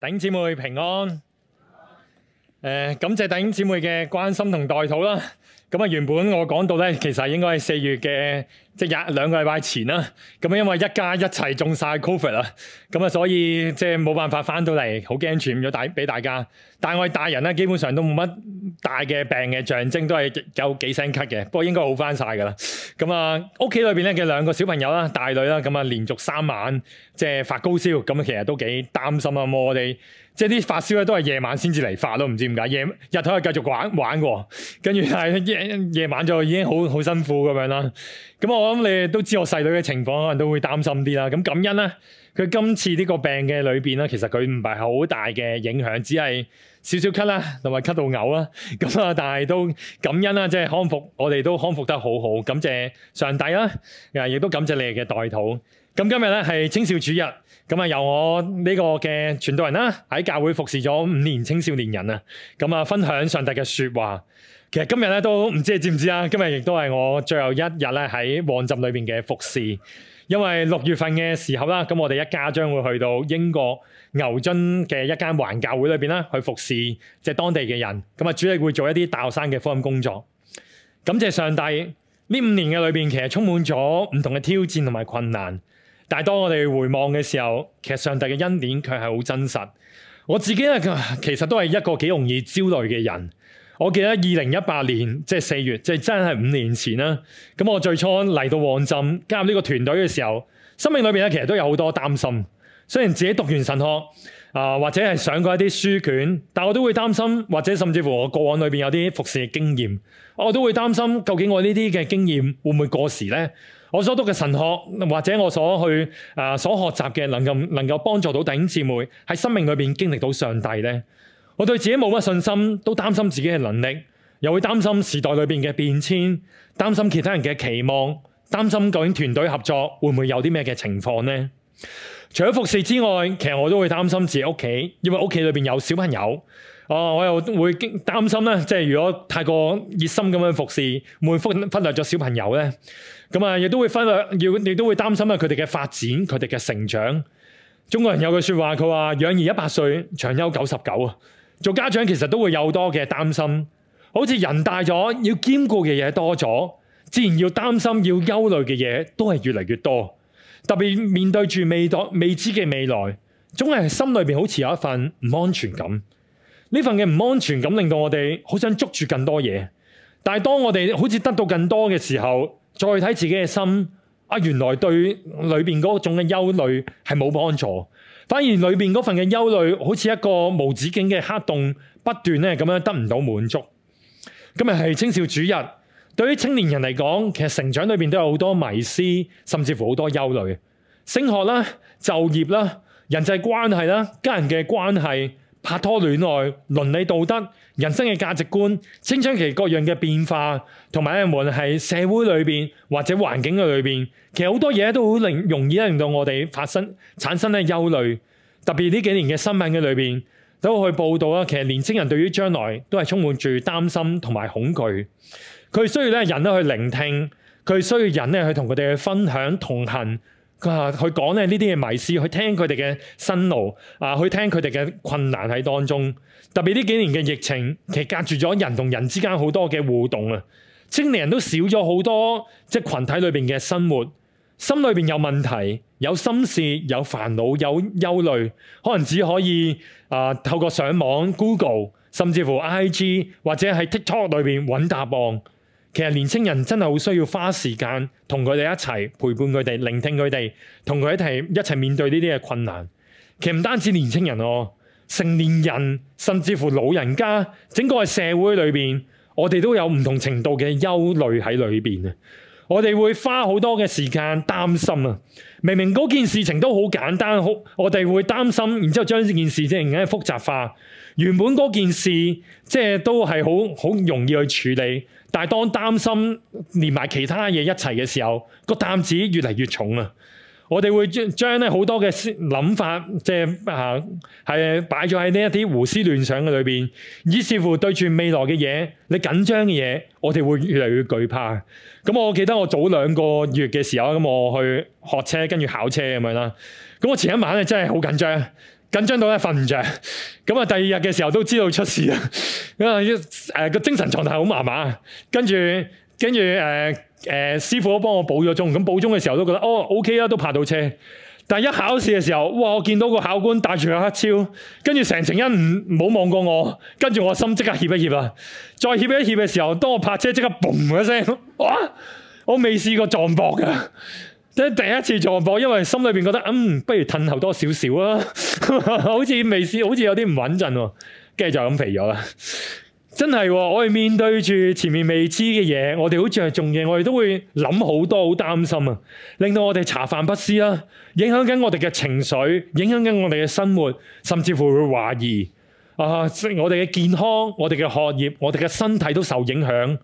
弟兄姊妹平安，誒感謝弟兄姊妹嘅關心同代禱啦。咁啊，原本我講到咧，其實應該係四月嘅，即係廿兩個禮拜前啦。咁啊，因為一家一齊中曬 Covid 啊，咁啊，所以即係冇辦法翻到嚟，好驚傳咗大俾大家。但係我哋大人咧，基本上都冇乜大嘅病嘅象徵，都係有幾聲咳嘅。不過應該好翻曬㗎啦。咁啊，屋企裏邊咧嘅兩個小朋友啦，大女啦，咁啊連續三晚即係發高燒，咁啊其實都幾擔心啊。我哋即係啲發燒咧，都係夜晚先至嚟發咯，唔知點解夜日頭係繼續玩玩過，跟住係一。夜晚就已經好好辛苦咁樣啦，咁啊我諗你都知我細女嘅情況，可能都會擔心啲啦。咁感恩啦，佢今次呢個病嘅裏邊啦，其實佢唔係好大嘅影響，只係少少咳啦，同埋咳到嘔啦。咁啊，但係都感恩啦，即係康復，我哋都康復得好好，感謝上帝啦，啊亦都感謝你哋嘅代禱。咁今日咧係青少年主日，咁啊由我呢個嘅傳道人啦，喺教會服侍咗五年青少年人啊，咁啊分享上帝嘅說話。其實今日咧都唔知你知唔知啊？今日亦都係我最後一日咧喺旺浸裏邊嘅服侍。因為六月份嘅時候啦，咁我哋一家將會去到英國牛津嘅一間環教會裏邊啦，去服侍，即係當地嘅人。咁啊，主要會做一啲大學生嘅福音工作。感謝上帝，呢五年嘅裏邊其實充滿咗唔同嘅挑戰同埋困難，但係當我哋回望嘅時候，其實上帝嘅恩典佢係好真實。我自己咧其實都係一個幾容易焦慮嘅人。我記得二零一八年，即係四月，即係真係五年前啦。咁我最初嚟到旺浸加入呢個團隊嘅時候，生命裏邊咧其實都有好多擔心。雖然自己讀完神學啊、呃，或者係上過一啲書卷，但我都會擔心，或者甚至乎我過往裏邊有啲服侍嘅經驗，我都會擔心究竟我呢啲嘅經驗會唔會過時呢？我所讀嘅神學，或者我所去啊、呃、所學習嘅，能夠能夠幫助到弟兄姊妹喺生命裏邊經歷到上帝呢？我對自己冇乜信心，都擔心自己嘅能力，又會擔心時代裏邊嘅變遷，擔心其他人嘅期望，擔心究竟團隊合作會唔會有啲咩嘅情況呢？除咗服侍之外，其實我都會擔心自己屋企，因為屋企裏邊有小朋友，啊，我又會擔心呢，即係如果太過熱心咁樣服侍，會唔會忽略咗小朋友呢，咁啊，亦都會忽略，亦都會擔心啊，佢哋嘅發展，佢哋嘅成長。中國人有句說話，佢話養兒一百歲，長憂九十九啊。做家長其實都會有多嘅擔心，好似人大咗要兼顧嘅嘢多咗，自然要擔心要憂慮嘅嘢都係越嚟越多。特別面對住未到未知嘅未來，總係心裏邊好似有一份唔安全感。呢份嘅唔安全感令到我哋好想捉住更多嘢，但係當我哋好似得到更多嘅時候，再睇自己嘅心，啊，原來對裏邊嗰種嘅憂慮係冇幫助。反而裏面嗰份嘅憂慮，好似一個無止境嘅黑洞，不斷咁樣得唔到滿足。今日係青少主日，對於青年人嚟講，其實成長裏面都有好多迷思，甚至乎好多憂慮。升學啦、就業啦、人際關係啦、家人嘅關係，拍拖、戀愛、倫理道德、人生嘅價值觀、青春期各樣嘅變化，同埋咧，無論係社會裏邊或者環境嘅裏邊，其實好多嘢都好令容易令到我哋發生產生咧憂慮。特別呢幾年嘅新聞嘅裏邊，都去報道啦。其實年輕人對於將來都係充滿住擔心同埋恐懼，佢需要咧人咧去聆聽，佢需要人咧去同佢哋去分享同行，佢話、啊、講呢啲嘅迷思，去聽佢哋嘅辛勞，啊去聽佢哋嘅困難喺當中。特別呢幾年嘅疫情，其實隔住咗人同人之間好多嘅互動啊。青年人都少咗好多即係、就是、群體裏邊嘅生活，心裏邊有問題、有心事、有煩惱、有憂慮，可能只可以啊透過上網 Google，甚至乎 IG 或者喺 TikTok 裏邊揾答案。其實年青人真係好需要花時間同佢哋一齊陪伴佢哋、聆聽佢哋、同佢一齊一齊面對呢啲嘅困難。其實唔單止年青人哦，成年人甚至乎老人家，整個社會裏邊，我哋都有唔同程度嘅憂慮喺裏邊啊！我哋會花好多嘅時間擔心啊！明明嗰件事情都好簡單，好我哋會擔心，然之後將呢件事即係更加複雜化。原本嗰件事即係都係好好容易去處理。但係當擔心連埋其他嘢一齊嘅時候，個擔子越嚟越重啊！我哋會將將咧好多嘅諗法即係啊，係擺咗喺呢一啲胡思亂想嘅裏邊，以致乎對住未來嘅嘢，你緊張嘅嘢，我哋會越嚟越懼怕。咁我記得我早兩個月嘅時候，咁我去學車跟住考車咁樣啦。咁我前一晚啊真係好緊張。緊張到咧瞓唔着。咁啊第二日嘅時候都知道出事啦，因為誒個精神狀態好麻麻，跟住跟住誒誒師傅都幫我補咗鐘，咁、嗯、補鐘嘅時候都覺得哦 O K 啦，OK, 都泊到車，但係一考試嘅時候，哇！我見到個考官戴住個黑超，跟住成程欣唔唔好望過我，跟住我心即刻怯一怯啦，再怯一怯嘅時候，當我泊車即刻嘣一聲，啊！我未試過撞博㗎。即係第一次撞破，因為心裏邊覺得，嗯，不如褪後多少少啊，好似未試，好似有啲唔穩陣，跟住就咁肥咗啦。真係、哦，我哋面對住前面未知嘅嘢，我哋好似係做嘢，我哋都會諗好多，好擔心啊，令到我哋茶飯不思啦，影響緊我哋嘅情緒，影響緊我哋嘅生活，甚至乎會懷疑啊，即、我哋嘅健康、我哋嘅學業、我哋嘅身體都受影響。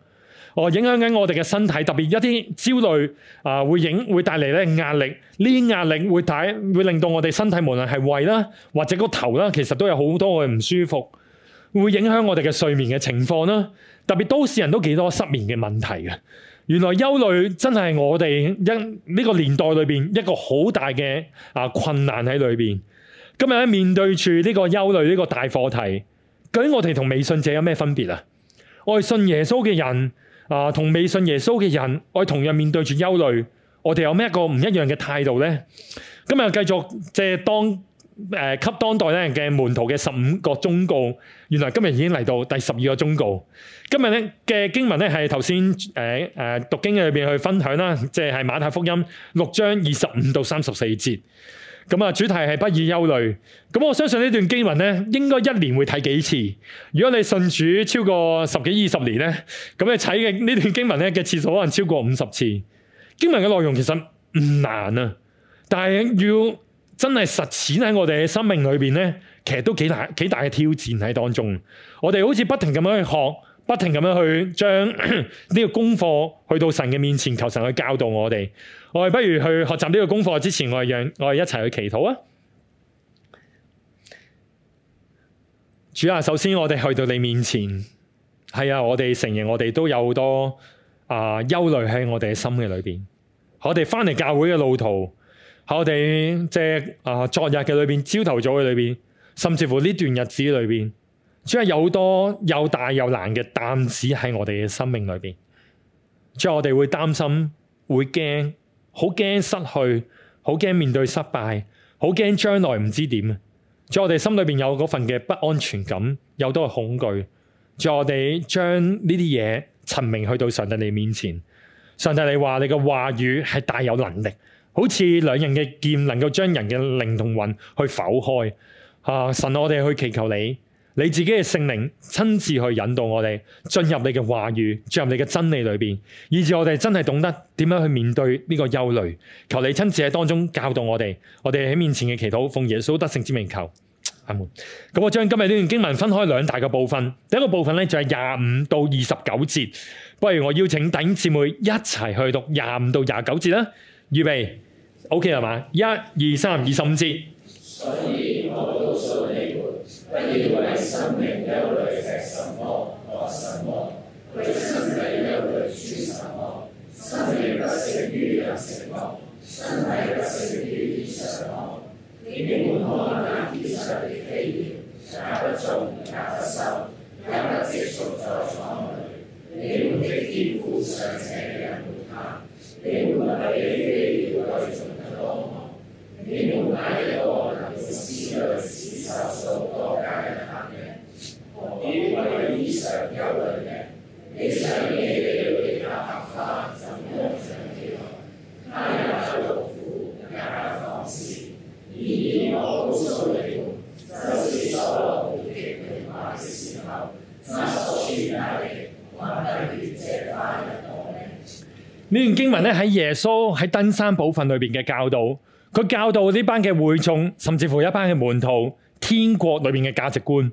哦，影響緊我哋嘅身體，特別一啲焦慮啊、呃，會影會帶嚟咧壓力。呢啲壓力會帶會令到我哋身體無論係胃啦、啊，或者個頭啦、啊，其實都有好多嘅唔舒服，會影響我哋嘅睡眠嘅情況啦、啊。特別都市人都幾多失眠嘅問題嘅、啊。原來憂慮真係我哋一呢個年代裏邊一個好大嘅啊困難喺裏邊。今日咧面對住呢個憂慮呢個大課題，究竟我哋同未信者有咩分別啊？我哋信耶穌嘅人。啊，同未信耶穌嘅人，我同樣面對住憂慮，我哋有咩一個唔一樣嘅態度呢？今日繼續借當誒給當代咧嘅門徒嘅十五個忠告，原來今日已經嚟到第十二個忠告。今日咧嘅經文咧係頭先誒誒讀經嘅裏邊去分享啦，即係馬太福音六章二十五到三十四節。咁啊，主題係不要憂慮。咁我相信呢段經文咧，應該一年會睇幾次。如果你信主超過十幾二十年咧，咁你睇嘅呢段經文咧嘅次數可能超過五十次。經文嘅內容其實唔難啊，但係要真係實踐喺我哋嘅生命裏邊咧，其實都幾大、幾大嘅挑戰喺當中。我哋好似不停咁樣去學，不停咁樣去將呢、 呢個功課去到神嘅面前，求神去教導我哋。我哋不如去學習呢個功課之前我，我哋讓我哋一齊去祈禱啊！主啊，首先我哋去到你面前，係啊，我哋承認我哋都有好多啊憂慮喺我哋嘅心嘅裏邊。我哋翻嚟教會嘅路途，我哋即係啊昨日嘅裏邊、朝頭早嘅裏邊，甚至乎呢段日子裏邊，真係有好多又大又難嘅擔子喺我哋嘅生命裏邊。即係我哋會擔心，會驚。好驚失去，好驚面對失敗，好驚將來唔知點。在我哋心裏邊有嗰份嘅不安全感，有多係恐懼。在我哋將呢啲嘢陳明去到上帝你面前，上帝你話你嘅話語係大有能力，好似兩人嘅劍能夠將人嘅靈同魂去剖開。啊，神我哋去祈求你。你自己嘅聖靈親自去引導我哋進入你嘅話語，進入你嘅真理裏邊，以致我哋真係懂得點樣去面對呢個憂慮。求你親自喺當中教導我哋。我哋喺面前嘅祈禱，奉耶穌得勝之名求，阿門。咁我將今日呢段經文分開兩大嘅部分，第一個部分呢就係廿五到二十九節。不如我邀請弟兄姊妹一齊去讀廿五到廿九節啦。預備，OK 係嘛？一二三，二十五節。不要為生命憂慮。呢段經文咧喺耶穌喺登山寶訓裏邊嘅教導，佢教導呢班嘅會眾，甚至乎一班嘅門徒，天國裏邊嘅價值觀，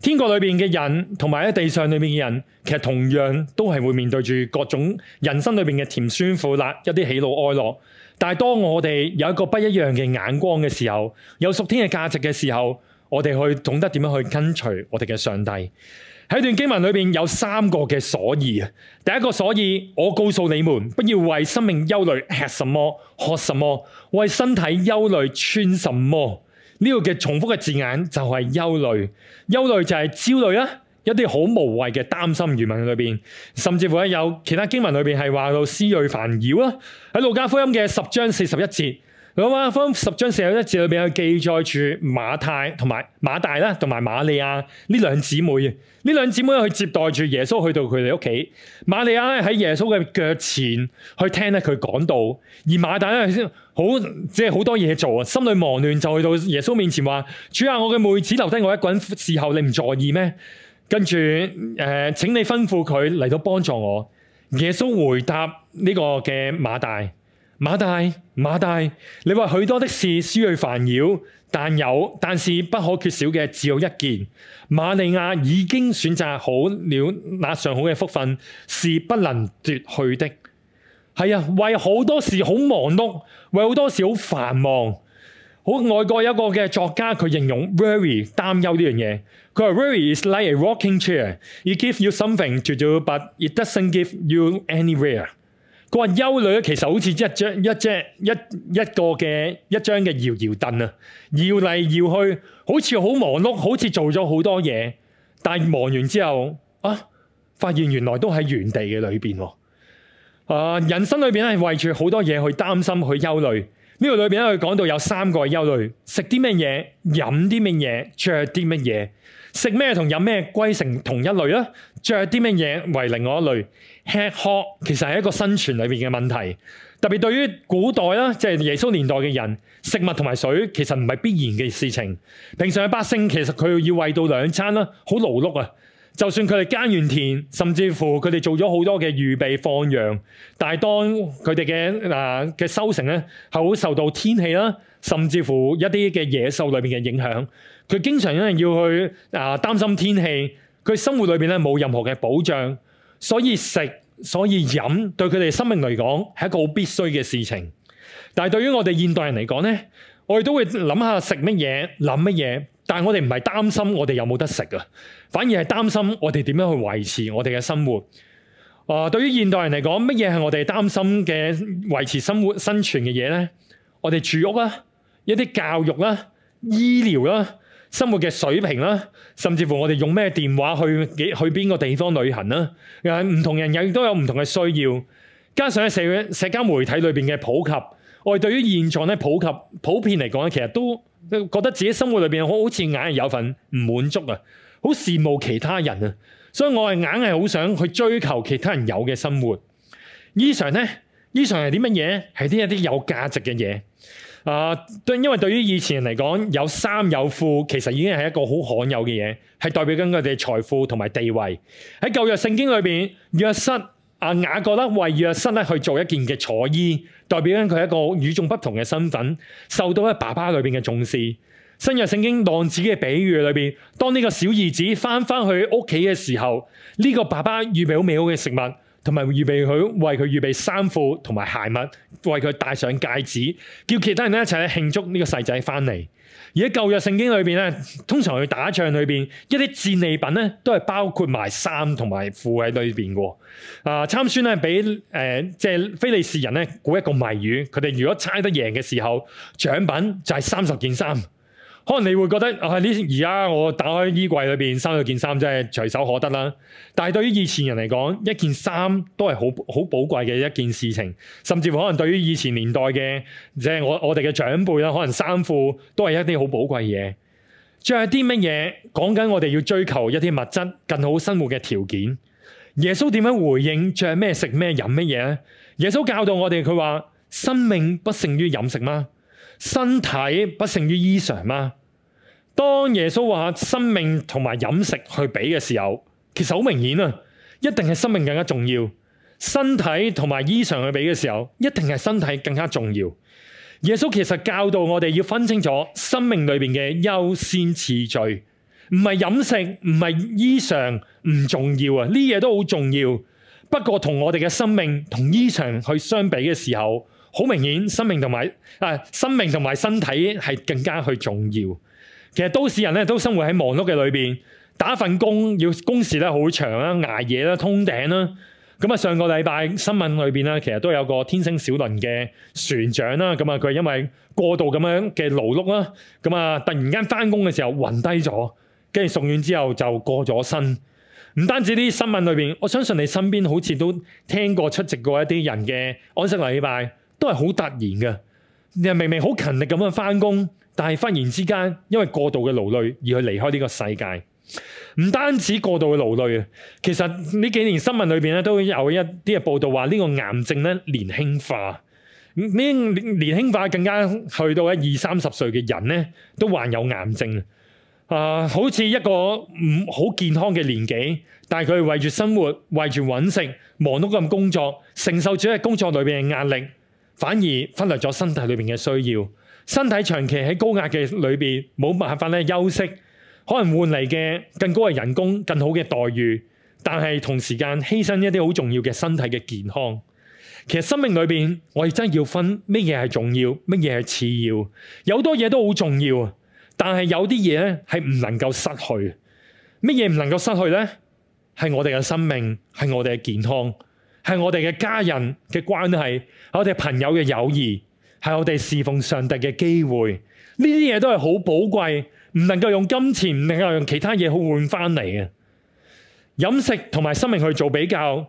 天國裏邊嘅人，同埋喺地上裏面嘅人，其實同樣都係會面對住各種人生裏邊嘅甜酸苦辣，一啲喜怒哀樂。但係當我哋有一個不一樣嘅眼光嘅時候，有屬天嘅價值嘅時候。我哋去懂得點樣去跟隨我哋嘅上帝。喺段經文裏邊有三個嘅所以啊，第一個所以，我告訴你們，不要為生命憂慮，吃什麼，喝什麼，為身體憂慮，穿什麼。呢個嘅重複嘅字眼就係憂慮，憂慮就係焦慮啦、啊，一啲好無謂嘅擔心。原文裏邊，甚至乎有其他經文裏邊係話到思慮煩擾啦。喺路加福音嘅十章四十一節。啊，幅十章四一字裏邊佢記載住馬太同埋馬大啦，同埋馬利亞呢兩姊妹。啊，呢兩姊妹去接待住耶穌，去到佢哋屋企。馬利亞喺耶穌嘅腳前去聽咧佢講道，而馬大咧先好，即係好多嘢做，啊。心裏忙亂就去到耶穌面前話：主啊，我嘅妹子留低我一個人伺候，你唔在意咩？跟住誒，請你吩咐佢嚟到幫助我。耶穌回答呢個嘅馬大。馬大馬大，你為許多的事思慮煩擾，但有但是不可缺少嘅只有一件。瑪利亞已經選擇好了那上好嘅福分，是不能奪去的。係啊，為好多事好忙碌，為好多事好繁忙。好，外國有一個嘅作家，佢形容 worry 擔憂呢樣嘢。佢話 worry is like a rocking chair. It gives you something to do, but it doesn't give you anywhere. 個憂慮咧，其實好似一張一隻一一個嘅一張嘅搖搖凳啊，搖嚟搖去，好似好忙碌，好似做咗好多嘢，但係忙完之後啊，發現原來都喺原地嘅裏邊。啊，人生裏邊係，為住好多嘢去擔心去憂慮呢個裏邊咧，佢講到有三個憂慮：食啲乜嘢，飲啲乜嘢，着啲乜嘢。食咩同飲咩歸成同一類啦，着啲咩嘢為另外一類。吃喝其實係一個生存裏面嘅問題，特別對於古代啦，即係耶穌年代嘅人，食物同埋水其實唔係必然嘅事情。平常嘅百姓其實佢要餵到兩餐啦，好勞碌啊。就算佢哋耕完田，甚至乎佢哋做咗好多嘅預備放羊，但係當佢哋嘅嗱嘅收成咧，係好受到天氣啦，甚至乎一啲嘅野獸裏面嘅影響。佢經常有人要去啊，擔心天氣。佢生活裏邊咧冇任何嘅保障，所以食，所以飲，對佢哋生命嚟講係一個好必須嘅事情。但係對於我哋現代人嚟講呢，我哋都會諗下食乜嘢，諗乜嘢。但係我哋唔係擔心我哋有冇得食啊，反而係擔心我哋點樣去維持我哋嘅生活。啊、呃，對於現代人嚟講，乜嘢係我哋擔心嘅維持生活生存嘅嘢呢？我哋住屋啦，一啲教育啦，醫療啦。生活嘅水平啦，甚至乎我哋用咩電話去去邊個地方旅行啦，又係唔同人有亦都有唔同嘅需要，加上嘅社社交媒體裏邊嘅普及，我哋對於現狀咧普及普遍嚟講咧，其實都覺得自己生活裏邊好好似硬係有份唔滿足啊，好羨慕其他人啊，所以我係硬係好想去追求其他人有嘅生活。衣裳呢，衣裳係啲乜嘢？係啲一啲有價值嘅嘢。啊，uh, 對，因為對於以前人嚟講，有衫有褲其實已經係一個好罕有嘅嘢，係代表緊佢哋財富同埋地位。喺舊約聖經裏邊，約瑟，啊雅各咧為約瑟咧去做一件嘅彩衣，代表緊佢一個與眾不同嘅身份，受到喺爸爸裏邊嘅重視。新約聖經浪子嘅比喻裏邊，當呢個小兒子翻返去屋企嘅時候，呢、這個爸爸預備好美好嘅食物。同埋預備佢，為佢預備衫褲同埋鞋襪，為佢戴上戒指，叫其他人一齊去慶祝呢個細仔翻嚟。而喺舊約聖經裏邊咧，通常去打仗裏邊，一啲戰利品咧都係包括埋衫同埋褲喺裏邊嘅。啊，參孫咧俾誒即係非利士人咧估一個謎語，佢哋如果猜得贏嘅時候，獎品就係三十件衫。可能你會覺得啊，呢而家我打開衣櫃裏邊收咗件衫，真係隨手可得啦。但係對於以前人嚟講，一件衫都係好好寶貴嘅一件事情，甚至乎可能對於以前年代嘅即係我我哋嘅長輩啦，可能衫褲都係一啲好寶貴嘢。著啲乜嘢講緊？我哋要追求一啲物質更好生活嘅條件。耶穌點樣回應著咩食咩飲乜嘢？耶穌教導我哋，佢話生命不勝於飲食嗎？身體不勝於衣裳嗎？當耶穌話生命同埋飲食去比嘅時候，其實好明顯啊，一定係生命更加重要。身體同埋衣裳去比嘅時候，一定係身體更加重要。耶穌其實教導我哋要分清楚生命裏邊嘅優先次序，唔係飲食，唔係衣裳唔重要啊！呢嘢都好重要，不過同我哋嘅生命同衣裳去相比嘅時候。好明顯，生命同埋啊，生命同埋身體係更加去重要。其實都市人咧都生活喺忙碌嘅裏邊，打份工要工時咧好長啦，捱夜啦，通頂啦。咁啊，上個禮拜新聞裏邊咧，其實都有個天星小輪嘅船長啦。咁啊，佢因為過度咁樣嘅勞碌啦，咁啊，突然間翻工嘅時候暈低咗，跟住送院之後就過咗身。唔單止啲新聞裏邊，我相信你身邊好似都聽過出席過一啲人嘅安息禮拜。因為好突然嘅。人明明好勤力咁樣翻工，但係忽然之間，因為過度嘅勞累而去離開呢個世界。唔單止過度嘅勞累，其實呢幾年新聞裏邊咧都有一啲嘅報道話，呢個癌症咧年輕化。年輕化更加去到一二三十歲嘅人咧，都患有癌症啊、呃。好似一個唔好健康嘅年紀，但係佢為住生活為住搵食，忙碌咁工作，承受住喺工作裏邊嘅壓力。反而忽略咗身體裏邊嘅需要，身體長期喺高壓嘅裏邊冇辦法咧休息，可能換嚟嘅更高嘅人工、更好嘅待遇，但係同時間犧牲一啲好重要嘅身體嘅健康。其實生命裏邊，我哋真係要分乜嘢係重要，乜嘢係次要。有好多嘢都好重要，但係有啲嘢咧係唔能夠失去。乜嘢唔能夠失去呢？係我哋嘅生命，係我哋嘅健康。係我哋嘅家人嘅關係，係我哋朋友嘅友誼，係我哋侍奉上帝嘅機會。呢啲嘢都係好寶貴，唔能夠用金錢，唔能夠用其他嘢去換翻嚟嘅。飲食同埋生命去做比較，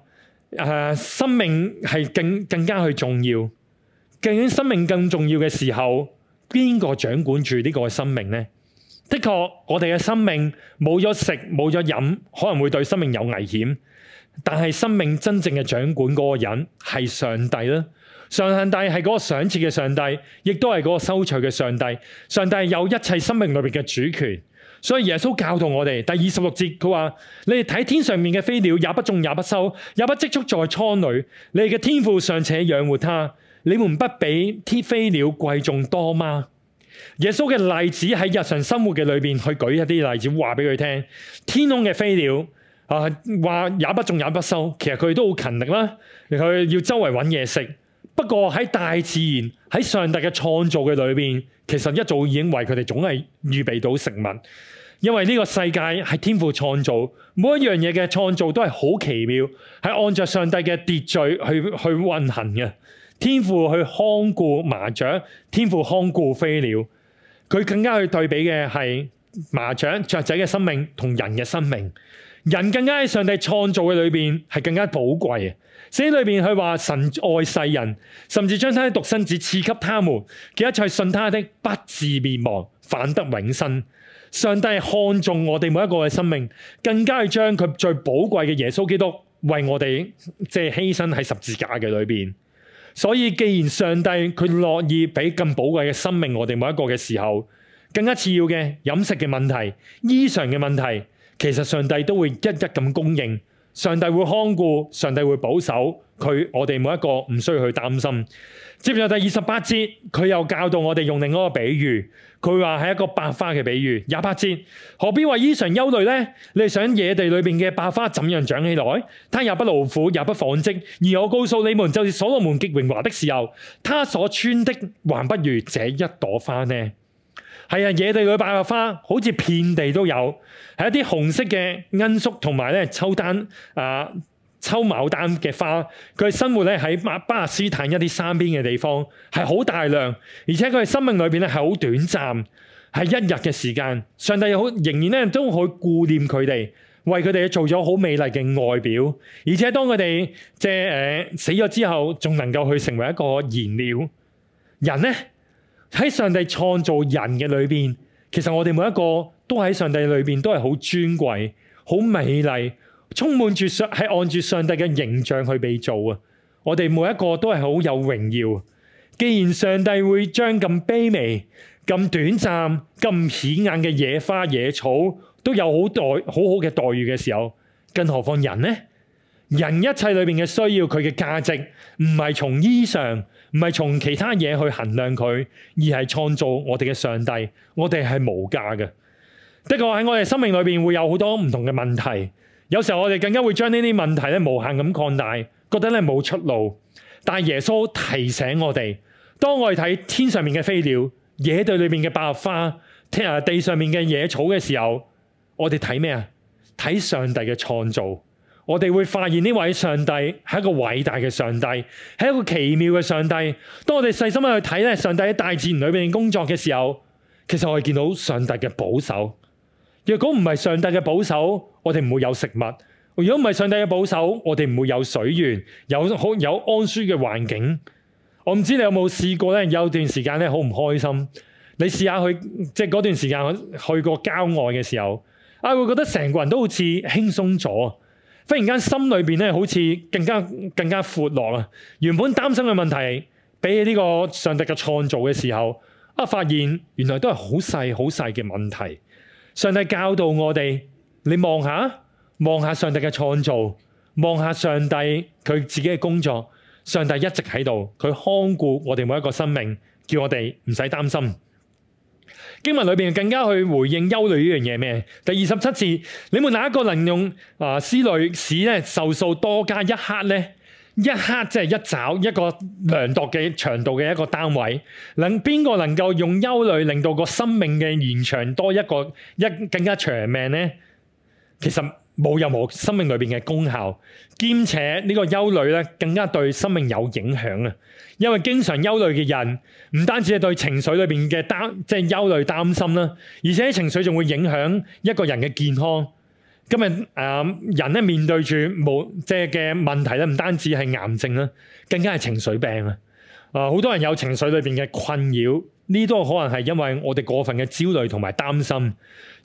誒，生命係更更加去重要。究竟生命更重要嘅時候，邊個掌管住呢個生命呢？的確，我哋嘅生命冇咗食冇咗飲，可能會對生命有危險。但係生命真正嘅掌管嗰個人係上帝啦，上帝係嗰個賞賜嘅上帝，亦都係嗰個收取嘅上帝。上帝係有一切生命裏邊嘅主權，所以耶穌教導我哋第二十六節，佢話：你哋睇天上面嘅飛鳥，也不種也不收，也不積蓄在倉裏，你哋嘅天父尚且養活它，你們不比啲飛鳥貴重多嗎？耶穌嘅例子喺日常生活嘅裏邊去舉一啲例子，話俾佢聽，天空嘅飛鳥。啊！話也不種也不收，其實佢哋都好勤力啦。佢要周圍揾嘢食。不過喺大自然、喺上帝嘅創造嘅裏邊，其實一早已經為佢哋總係預備到食物。因為呢個世界係天父創造，每一樣嘢嘅創造都係好奇妙，係按著上帝嘅秩序去去運行嘅。天父去看顧麻雀，天父看顧飛鳥。佢更加去對比嘅係麻雀雀仔嘅生命同人嘅生命。人更加喺上帝創造嘅裏邊係更加寶貴嘅。聖經裏邊佢話，神愛世人，甚至將他的獨生子賜給他們，佢一切信他的不至滅亡，反得永生。上帝看重我哋每一個嘅生命，更加去將佢最寶貴嘅耶穌基督為我哋即係犧牲喺十字架嘅裏邊。所以既然上帝佢樂意俾咁寶貴嘅生命我哋每一個嘅時候，更加次要嘅飲食嘅問題、衣裳嘅問題。其實上帝都會一一咁供應，上帝會看顧，上帝會保守佢，我哋每一個唔需要去擔心。接住第二十八節，佢又教導我哋用另外一個比喻，佢話係一個百花嘅比喻。廿八節，何必為衣裳憂慮呢？你想野地裏邊嘅百花怎樣長起來？它也不勞苦，也不紡織。而我告訴你們，就是所羅門極榮華的時候，他所穿的還不如這一朵花呢。係啊，野地裏百合花好似遍地都有，係一啲紅色嘅罌粟同埋咧秋丹啊秋牡丹嘅花，佢生活咧喺巴巴勒斯坦一啲山邊嘅地方，係好大量，而且佢哋生命裏邊咧係好短暫，係一日嘅時間。上帝又好仍然咧都可以顧念佢哋，為佢哋做咗好美麗嘅外表，而且當佢哋即係誒死咗之後，仲能夠去成為一個燃料人咧。喺上帝創造人嘅裏邊，其實我哋每一個都喺上帝裏邊都係好尊貴、好美麗、充滿住上係按住上帝嘅形象去被造。啊！我哋每一個都係好有榮耀。既然上帝會將咁卑微、咁短暫、咁顯眼嘅野花野草都有好待好好嘅待遇嘅時候，更何況人呢？人一切裏邊嘅需要，佢嘅價值唔係從衣裳。唔係從其他嘢去衡量佢，而係創造我哋嘅上帝。我哋係無價嘅。的確喺我哋生命裏邊會有好多唔同嘅問題，有時候我哋更加會將呢啲問題咧無限咁擴大，覺得咧冇出路。但係耶穌提醒我哋，當我哋睇天上面嘅飛鳥、野地裏面嘅百合花、聽啊地上面嘅野草嘅時候，我哋睇咩啊？睇上帝嘅創造。我哋會發現呢位上帝係一個偉大嘅上帝，係一個奇妙嘅上帝。當我哋細心去睇咧，上帝喺大自然裏面工作嘅時候，其實我哋見到上帝嘅保守。若果唔係上帝嘅保守，我哋唔會有食物；如果唔係上帝嘅保守，我哋唔會有水源，有好有安舒嘅環境。我唔知你有冇試過咧？有段時間咧，好唔開心。你試下去，即係嗰段時間去過郊外嘅時候，啊，會覺得成個人都好似輕鬆咗。忽然間心裏邊咧，好似更加更加闊落啦。原本擔心嘅問題，比起呢個上帝嘅創造嘅時候，啊，發現原來都係好細好細嘅問題。上帝教導我哋，你望下望下上帝嘅創造，望下上帝佢自己嘅工作。上帝一直喺度，佢看顧我哋每一個生命，叫我哋唔使擔心。經文裏邊更加去回應憂慮呢樣嘢咩？第二十七字，你們哪一個能用啊？思慮使呢壽數，多加一刻呢？一刻即係一爪一個量度嘅長度嘅一個單位，令邊個能夠用憂慮令到個生命嘅延長多一個一更加長命呢？其實冇任何生命裏邊嘅功效，兼且呢個憂慮咧更加對生命有影響啊！因為經常憂慮嘅人，唔單止係對情緒裏邊嘅擔，即係憂慮、擔心啦，而且情緒仲會影響一個人嘅健康。今日誒，人咧面對住冇即係嘅問題咧，唔單止係癌症啦，更加係情緒病啊！啊，好多人有情緒裏邊嘅困擾，呢都可能係因為我哋過分嘅焦慮同埋擔心。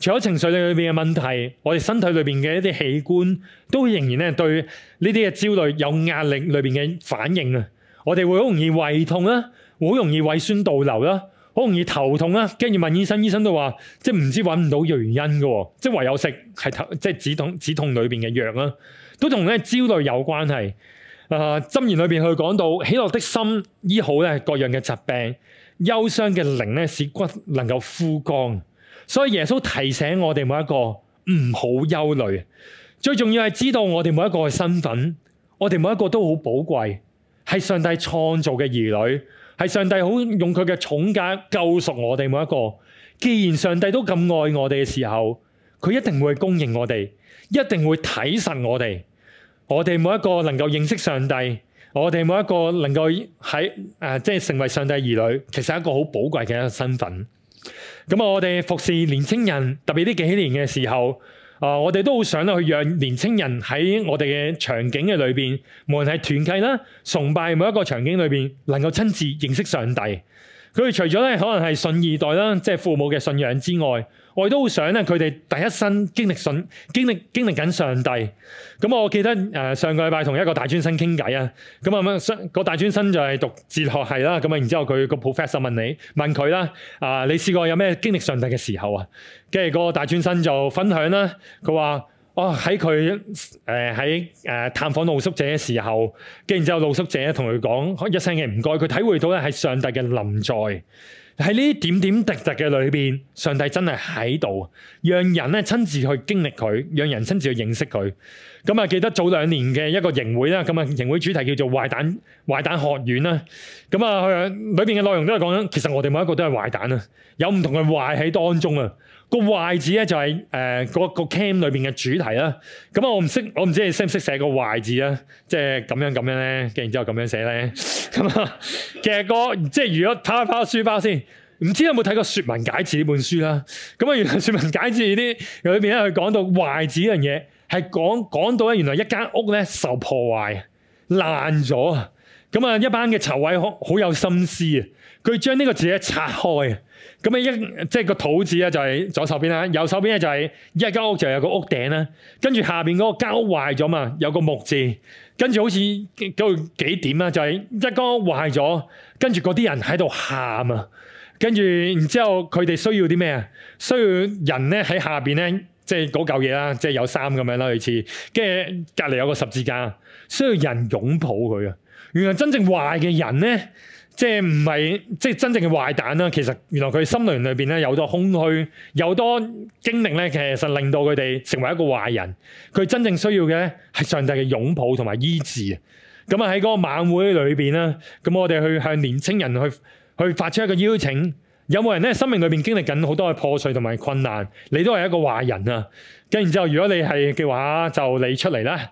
除咗情緒裏邊嘅問題，我哋身體裏邊嘅一啲器官都會仍然咧對呢啲嘅焦慮有壓力裏邊嘅反應啊！我哋會好容易胃痛啦，會好容易胃酸倒流啦，好容易頭痛啦。跟住問醫生，醫生都話即係唔知揾唔到原因嘅，即係唯有食係頭即係止痛止痛裏邊嘅藥啦。都同咧焦慮有關係。啊、呃，箴言裏邊去講到，喜樂的心醫好咧各樣嘅疾病，憂傷嘅靈咧使骨能夠枯乾。所以耶穌提醒我哋每一個唔好憂慮，最重要係知道我哋每一個嘅身份，我哋每一個都好寶貴。係上帝創造嘅兒女，係上帝好用佢嘅重價救贖我哋每一個。既然上帝都咁愛我哋嘅時候，佢一定會供應我哋，一定會睇實我哋。我哋每一個能夠認識上帝，我哋每一個能夠喺誒、呃、即係成為上帝兒女，其實係一個好寶貴嘅一個身份。咁、嗯、啊，我哋服侍年青人，特別呢幾年嘅時候。啊、呃，我哋都好想去讓年青人喺我哋嘅場景嘅裏邊，無論係團契啦、崇拜、每一個場景裏面，能夠親自認識上帝。佢哋除咗可能係信二代啦，即、就、係、是、父母嘅信仰之外。我亦都會想咧，佢哋第一身經歷上經歷經歷緊上帝。咁我記得誒上個禮拜同一個大專生傾偈啊。咁啊咁個大專生就係讀哲學系啦。咁啊然之後佢個 professor 問你問佢啦。啊、呃，你試過有咩經歷上帝嘅時候啊？跟住個大專生就分享啦。佢話：哦喺佢誒喺誒探訪露宿者嘅時候，跟住之後露宿者同佢講一聲嘅唔該，佢體會到咧係上帝嘅臨在。喺呢啲點點滴滴嘅裏邊，上帝真係喺度，讓人咧親自去經歷佢，讓人親自去認識佢。咁啊，記得早兩年嘅一個營會啦，咁啊營會主題叫做《壞蛋壞蛋學院》啦。咁啊，裏邊嘅內容都係講緊，其實我哋每一個都係壞蛋啊，有唔同嘅壞喺當中啊。個壞字咧就係、是、誒、呃、個 cam 裏邊嘅主題啦。咁、嗯、啊，我唔識，我唔知你識唔識寫個壞字啊？即係咁樣咁樣咧，跟住之後咁樣寫咧。咁、嗯、啊，其實我、那個、即係如果拋拋書包先，唔知有冇睇過《説文解字》呢本書啦？咁、嗯、啊，原來《説文解字》啲裏邊咧，佢講到壞字呢樣嘢，係講講到咧原來一間屋咧受破壞爛咗啊！咁、嗯、啊，一班嘅籌委好，好，好有心思啊，佢將呢個字咧拆開。咁咧一即係個土字啊，就係左手邊啦，右手邊咧就係一間屋就有個屋頂啦，跟住下邊嗰個間屋壞咗嘛，有個木字，跟住好似到幾點啦？就係一間屋壞咗，跟住嗰啲人喺度喊啊，跟住然之後佢哋需要啲咩啊？需要人咧喺下邊咧，即係嗰嚿嘢啦，即係有衫咁樣啦類似，跟住隔籬有個十字架，需要人擁抱佢啊！原來真正壞嘅人咧～即係唔係即係真正嘅壞蛋啦？其實原來佢心靈裏邊咧有多空虛，有多經歷咧，其實令到佢哋成為一個壞人。佢真正需要嘅係上帝嘅擁抱同埋醫治。咁啊喺嗰個晚會裏邊咧，咁我哋去向年青人去去發出一個邀請。有冇人咧生命裏邊經歷緊好多嘅破碎同埋困難？你都係一個壞人啊！跟住之後，如果你係嘅話，就你出嚟啦。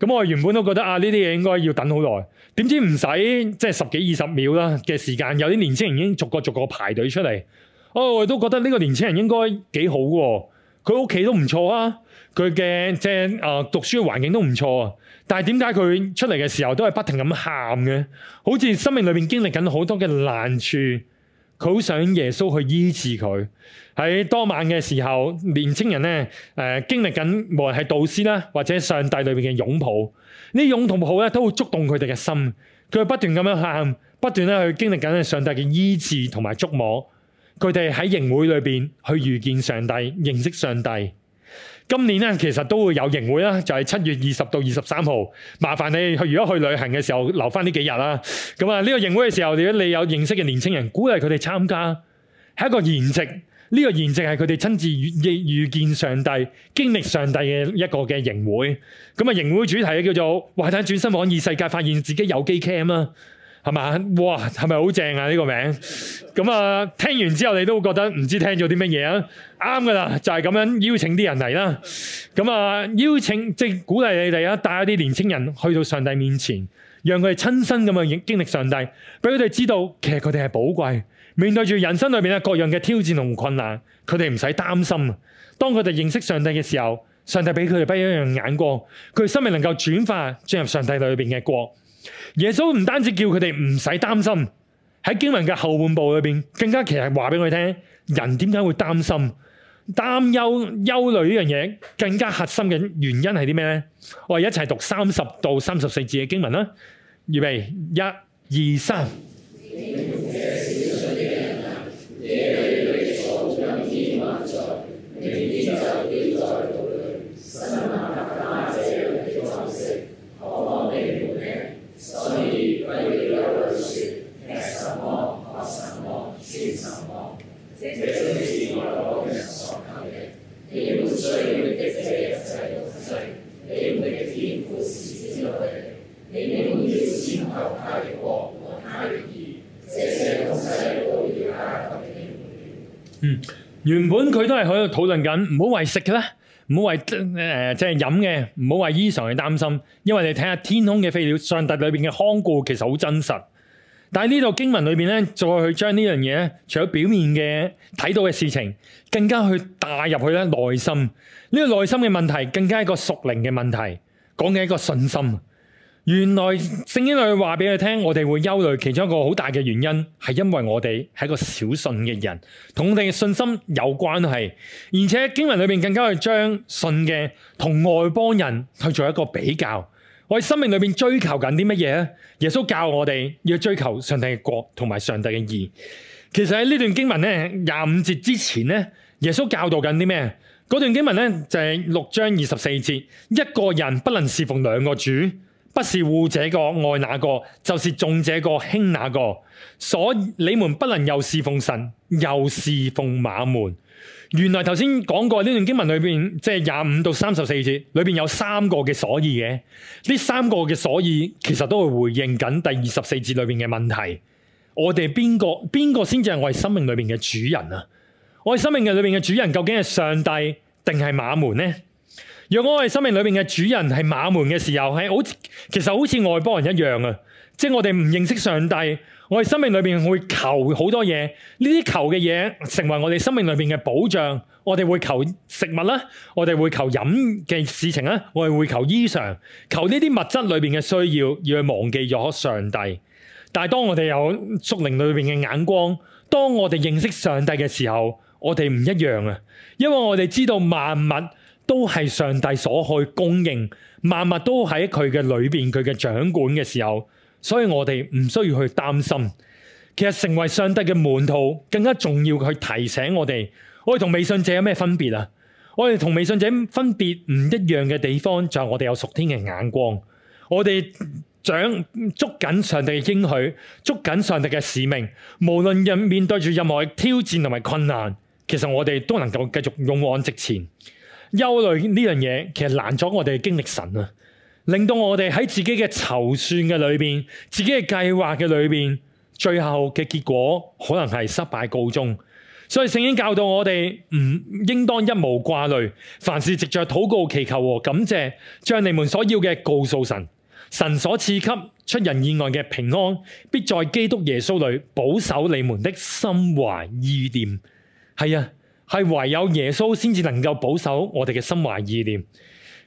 咁我原本都覺得啊，呢啲嘢應該要等好耐。點知唔使即係十幾二十秒啦嘅時間，有啲年青人已經逐個逐個排隊出嚟。哦，我都覺得呢個年青人應該幾好喎，佢屋企都唔錯啊，佢嘅即係啊讀書嘅環境都唔錯啊。但係點解佢出嚟嘅時候都係不停咁喊嘅？好似生命裏面經歷緊好多嘅難處，佢好想耶穌去醫治佢。喺多晚嘅時候，年青人呢，誒、呃、經歷緊無論係導師啦，或者上帝裏邊嘅擁抱。呢種同好咧，都會觸動佢哋嘅心。佢不斷咁樣喊，不斷咧去經歷緊上帝嘅醫治同埋觸摸。佢哋喺營會裏邊去遇見上帝，認識上帝。今年咧，其實都會有營會啦，就係七月二十到二十三號。麻煩你去，如果去旅行嘅時候留翻呢幾日啦。咁啊，呢個營會嘅時候，如果你有認識嘅年輕人，鼓勵佢哋參加，係一個延續。呢個見證係佢哋親自遇遇見上帝、經歷上帝嘅一個嘅營會，咁啊營會主題叫做壞蛋轉身往異世界，發現自己有基 cam 啦，係嘛？哇，係咪好正啊？呢、這個名，咁、嗯、啊聽完之後你都會覺得唔知聽咗啲乜嘢啊？啱噶啦，就係、是、咁樣邀請啲人嚟啦，咁、嗯、啊邀請即係、就是、鼓勵你哋啊，帶一啲年青人去到上帝面前，讓佢哋親身咁樣經歷上帝，俾佢哋知道其實佢哋係寶貴。面對住人生裏邊啊各樣嘅挑戰同困難，佢哋唔使擔心。當佢哋認識上帝嘅時候，上帝俾佢哋不一樣眼光，佢哋生命能夠轉化進入上帝裏邊嘅國。耶穌唔單止叫佢哋唔使擔心，喺經文嘅後半部裏邊，更加其實話俾佢哋聽，人點解會擔心、擔憂、憂慮呢樣嘢？更加核心嘅原因係啲咩呢？我哋一齊讀三十到三十四節嘅經文啦。預備，一、二、三。嗯、原本佢都係喺度討論緊，唔好為食嘅啦，唔好為誒即係飲嘅，唔、呃、好、就是、為衣裳去擔心，因為你睇下天空嘅飛鳥，上帝裏邊嘅看顧其實好真實。但係呢度經文裏邊咧，再去將呢樣嘢，除咗表面嘅睇到嘅事情，更加去帶入去咧內心呢個內心嘅問題，更加係一個屬靈嘅問題，講嘅一個信心。原來聖經裏邊話俾佢聽，我哋會憂慮，其中一個好大嘅原因係因為我哋係一個小信嘅人，同我哋嘅信心有關係。而且經文裏面更加係將信嘅同外邦人去做一個比較。我哋生命裏面追求緊啲乜嘢呢？耶穌教我哋要追求上帝嘅國同埋上帝嘅義。其實喺呢段經文呢，廿五節之前呢，耶穌教導緊啲咩？嗰段經文呢，就係六章二十四節，一個人不能侍奉兩個主。不是護這個愛那個，就是重這個輕那個，所以你們不能又侍奉神，又侍奉馬門。原來頭先講過呢段經文裏面，即係廿五到三十四節，裏面有三個嘅所以嘅，呢三個嘅所以其實都係回應緊第二十四節裏面嘅問題。我哋邊個邊個先至係我哋生命裏面嘅主人啊？我哋生命嘅裏面嘅主人，主人究竟係上帝定係馬門呢？若我係生命裏面嘅主人係馬門嘅時候，係好，其實好似外邦人一樣啊！即係我哋唔認識上帝，我哋生命裏面會求好多嘢，呢啲求嘅嘢成為我哋生命裏面嘅保障，我哋會求食物啦、啊，我哋會求飲嘅事情啦、啊，我哋會求衣裳，求呢啲物質裏邊嘅需要，要去忘記咗上帝。但係當我哋有屬靈裏邊嘅眼光，當我哋認識上帝嘅時候，我哋唔一樣啊！因為我哋知道萬物。都係上帝所去供應，萬物都喺佢嘅裏邊，佢嘅掌管嘅時候，所以我哋唔需要去擔心。其實成為上帝嘅門徒更加重要，去提醒我哋，我哋同未信者有咩分別啊？我哋同未信者分別唔一樣嘅地方，就係我哋有屬天嘅眼光，我哋掌捉緊上帝嘅應許，捉緊上帝嘅使命。無論任面對住任何挑戰同埋困難，其實我哋都能夠繼續勇往直前。憂慮呢樣嘢其實難咗我哋嘅經歷神啊，令到我哋喺自己嘅籌算嘅裏邊，自己嘅計劃嘅裏邊，最後嘅結果可能係失敗告終。所以聖經教導我哋唔應當一無掛慮，凡事藉着禱告、祈求和感謝，將你們所要嘅告訴神。神所賜給出人意外嘅平安，必在基督耶穌裏保守你們的心懷意念。係啊。係唯有耶穌先至能夠保守我哋嘅心懷意念。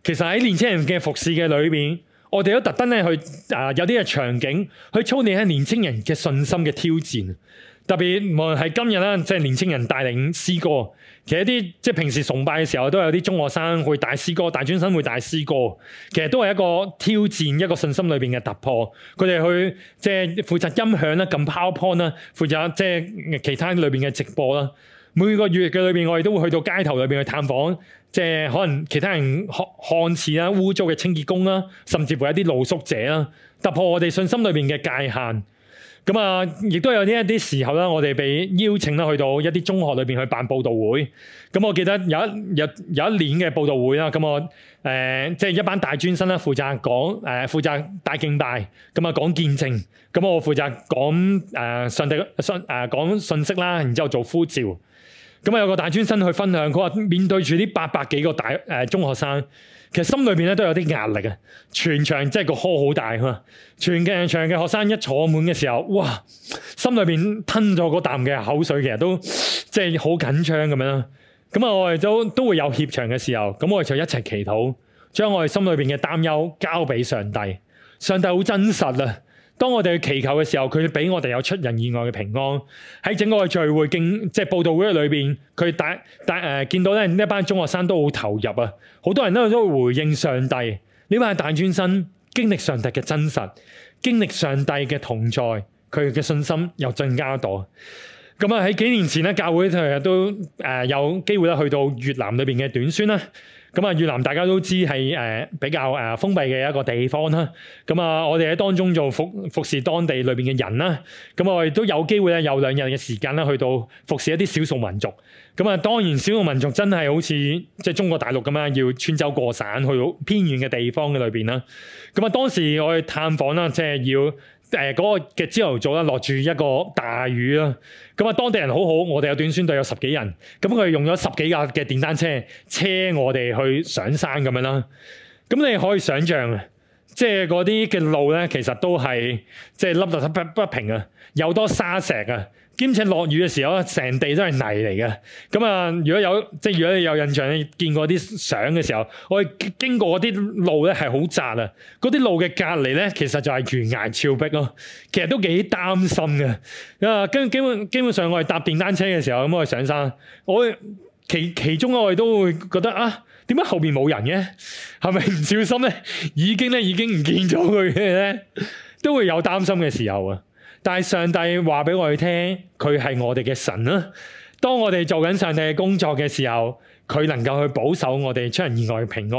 其實喺年青人嘅服侍嘅裏面，我哋都特登咧去啊、呃，有啲嘅場景去操練下年青人嘅信心嘅挑戰。特別無論係今日啦，即係年青人帶領詩歌，其實啲即係平時崇拜嘅時候，都有啲中學生會帶詩歌，大專生會帶詩歌，其實都係一個挑戰，一個信心裏邊嘅突破。佢哋去即係負責音響啦、撳 Power Point 啦、負責即係其他裏邊嘅直播啦。每個月嘅裏面，我哋都會去到街頭裏面去探訪，即、就、係、是、可能其他人看似汗漬污糟嘅清潔工啦，甚至乎一啲露宿者啦，突破我哋信心裏面嘅界限。咁啊，亦都有呢一啲時候啦，我哋被邀請啦去到一啲中學裏邊去辦佈道會。咁我記得有一有有一年嘅佈道會啦，咁我誒即係一班大專生啦，負責講誒、呃、負責帶敬拜，咁啊講見證，咁我負責講誒、呃、上帝信誒、啊啊啊、講信息啦，然之後做呼召。咁啊、嗯，有個大專生去分享，佢話面對住呢八百幾個大誒、呃、中學生，其實心裏邊咧都有啲壓力啊！全場即係個腔好大啊，全個場嘅學生一坐滿嘅時候，哇！心裏邊吞咗個啖嘅口水，其實都即係好緊張咁樣。咁、嗯、啊，我哋都都會有怯場嘅時候，咁、嗯、我哋就一齊祈禱，將我哋心裏邊嘅擔憂交俾上帝。上帝好真實啊！當我哋去祈求嘅時候，佢俾我哋有出人意外嘅平安。喺整個嘅聚會，經即係佈道會裏邊，佢帶帶誒見到咧一班中學生都好投入啊！好多人都都回應上帝。呢班係大專生，經歷上帝嘅真實，經歷上帝嘅同在，佢嘅信心又增加咗。咁啊喺幾年前呢教會都誒有機會咧去到越南裏邊嘅短宣啦。咁啊，越南大家都知係誒比較誒封閉嘅一個地方啦。咁啊，我哋喺當中做服服侍當地裏邊嘅人啦。咁我哋都有機會咧，有兩日嘅時間啦，去到服侍一啲少數民族。咁啊，當然少數民族真係好似即係中國大陸咁樣，要穿州過省去好偏遠嘅地方嘅裏邊啦。咁啊，當時我去探訪啦，即係要。誒嗰、呃那個嘅朝頭早咧，落住一個大雨啦，咁啊當地人好好，我哋有短宣隊有十幾人，咁佢用咗十幾架嘅電單車車我哋去上山咁樣啦。咁、啊、你可以想像啊，即係嗰啲嘅路咧，其實都係即係凹凸不平啊，有多沙石啊。兼且落雨嘅時候，成地都係泥嚟嘅。咁啊，如果有即係如果你有印象，你見過啲相嘅時候，我哋經過嗰啲路咧係好窄啊。嗰啲路嘅隔離咧，其實就係懸崖峭壁咯。其實都幾擔心嘅。啊，跟基本基本上我哋搭電單車嘅時候咁，我哋上山，我其其中我哋都會覺得啊，點解後邊冇人嘅？係咪唔小心咧？已經咧已經唔見咗佢嘅咧，都會有擔心嘅時候啊。但係上帝話俾我哋聽，佢係我哋嘅神啦、啊。當我哋做緊上帝嘅工作嘅時候，佢能夠去保守我哋出人意外平安。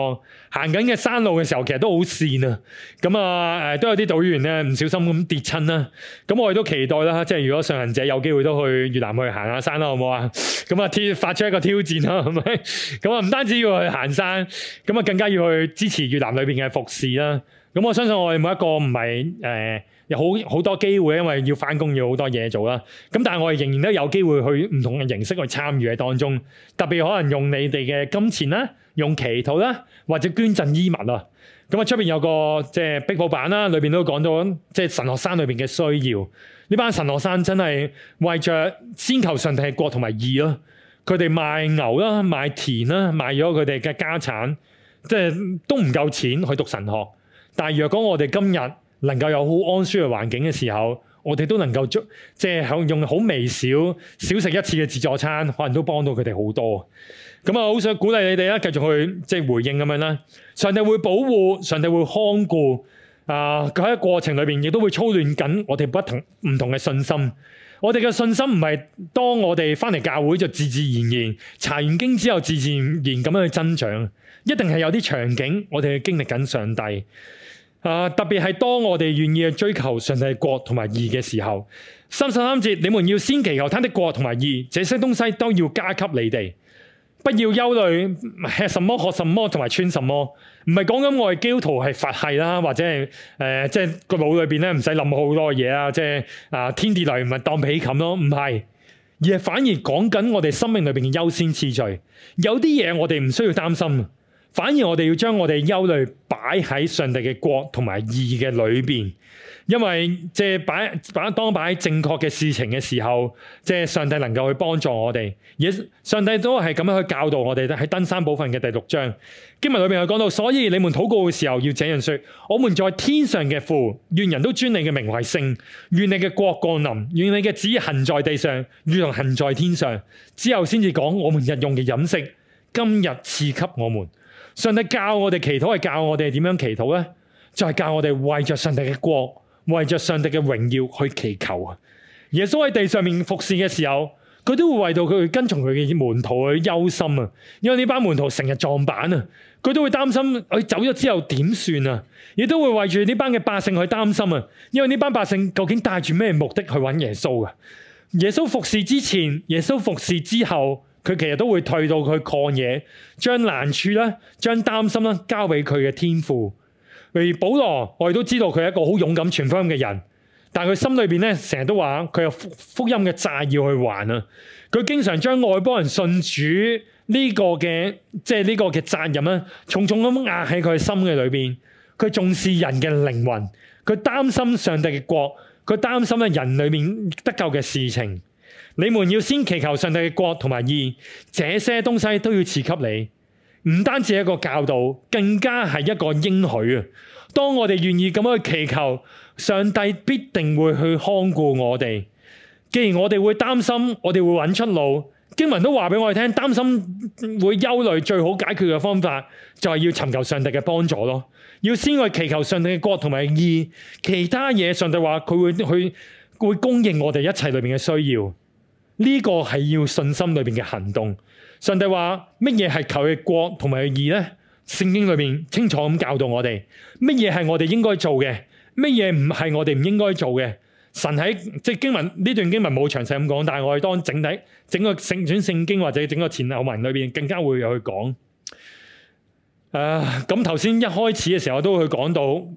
行緊嘅山路嘅時候，其實都好跣啊。咁、嗯呃、啊，誒都有啲隊員咧唔小心咁跌親啦。咁我哋都期待啦，即係如果上行者有機會都去越南去行下山啦、啊，好唔好啊？咁、嗯、啊，發出一個挑戰啦，係咪？咁啊，唔、 嗯嗯、單止要去行山，咁、嗯、啊更加要去支持越南裏邊嘅服侍啦、啊。咁、嗯、我相信我哋每一個唔係誒。呃有好好多機會，因為要翻工要好多嘢做啦。咁但係我哋仍然都有機會去唔同嘅形式去參與喺當中，特別可能用你哋嘅金錢啦，用祈禱啦，或者捐贈衣物啊。咁、嗯、啊，出邊有個即係、就是、壁報板啦，裏邊都講到即係、就是、神學生裏邊嘅需要。呢班神學生真係為着先求上帝嘅國同埋義咯。佢哋賣牛啦，賣田啦，賣咗佢哋嘅家產，即、就、係、是、都唔夠錢去讀神學。但係若果我哋今日，能夠有好安舒嘅環境嘅時候，我哋都能夠做，即係享用好微少少食一次嘅自助餐，可能都幫到佢哋好多。咁啊，好想鼓勵你哋啦，繼續去即係回應咁樣啦。上帝會保護，上帝會看顧啊！佢喺一個過程裏邊，亦都會操練緊我哋不同唔同嘅信心。我哋嘅信心唔係當我哋翻嚟教會就自自然然查完經之後自自然然咁樣去增長，一定係有啲場景我哋去經歷緊上帝。啊、呃！特別係當我哋願意去追求上帝國同埋義嘅時候，三十三節，你們要先祈求他的國同埋義，這些東西都要加給你哋。不要憂慮吃什麼、喝什麼同埋穿什麼。唔係講緊我哋基督徒係佛系啦，或者係、呃、即係個腦裏邊咧唔使諗好多嘢啊，即係、呃、天跌落嚟咪當被冚咯，唔係，而係反而講緊我哋生命裏邊嘅優先次序。有啲嘢我哋唔需要擔心。反而我哋要將我哋憂慮擺喺上帝嘅國同埋義嘅裏邊，因為即係擺把當擺喺正確嘅事情嘅時候，即係上帝能夠去幫助我哋。而上帝都係咁樣去教導我哋。喺登山寶訓嘅第六章經文裏面佢講到，所以你們禱告嘅時候要這樣說：我們在天上嘅父，願人都尊你嘅名為聖，願你嘅國降臨，願你嘅旨意行在地上，如同行在天上。之後先至講我們日用嘅飲食，今日賜給我們。上帝教我哋祈禱係教我哋點樣祈禱呢，就係教我哋為着上帝嘅國、為着上帝嘅榮耀去祈求啊！耶穌喺地上面服侍嘅時候，佢都會為到佢跟從佢嘅門徒去憂心啊！因為呢班門徒成日撞板啊，佢都會擔心佢走咗之後點算啊！亦都會為住呢班嘅百姓去擔心啊！因為呢班百姓究竟帶住咩目的去搵耶穌啊。耶穌服侍之前，耶穌服侍之後。佢其實都會退到去曠野，將難處咧，將擔心咧，交俾佢嘅天父。譬如保羅，我哋都知道佢係一個好勇敢傳福音嘅人，但係佢心裏邊咧，成日都話佢有福音嘅債要去還啊！佢經常將外邦人信主呢個嘅，即係呢個嘅責任咧，重重咁壓喺佢心嘅裏邊。佢重視人嘅靈魂，佢擔心上帝嘅國，佢擔心咧人裏面得救嘅事情。你們要先祈求上帝嘅國同埋義，這些東西都要賜給你。唔單止係一個教導，更加係一個應許啊！當我哋願意咁樣去祈求，上帝必定會去看顧我哋。既然我哋會擔心，我哋會揾出路。經文都話俾我哋聽，擔心會憂慮，最好解決嘅方法就係要尋求上帝嘅幫助咯。要先去祈求上帝嘅國同埋義，其他嘢上帝話佢會去會供應我哋一切裏面嘅需要。呢個係要信心裏邊嘅行動。上帝話乜嘢係求嘅國同埋嘅義呢？聖經裏邊清楚咁教導我哋乜嘢係我哋應該做嘅，乜嘢唔係我哋唔應該做嘅。神喺即係經文呢段經文冇詳細咁講，但係我哋當整體整個聖選聖經或者整個前後文裏邊更加會有去講。誒，咁頭先一開始嘅時候我都會講到。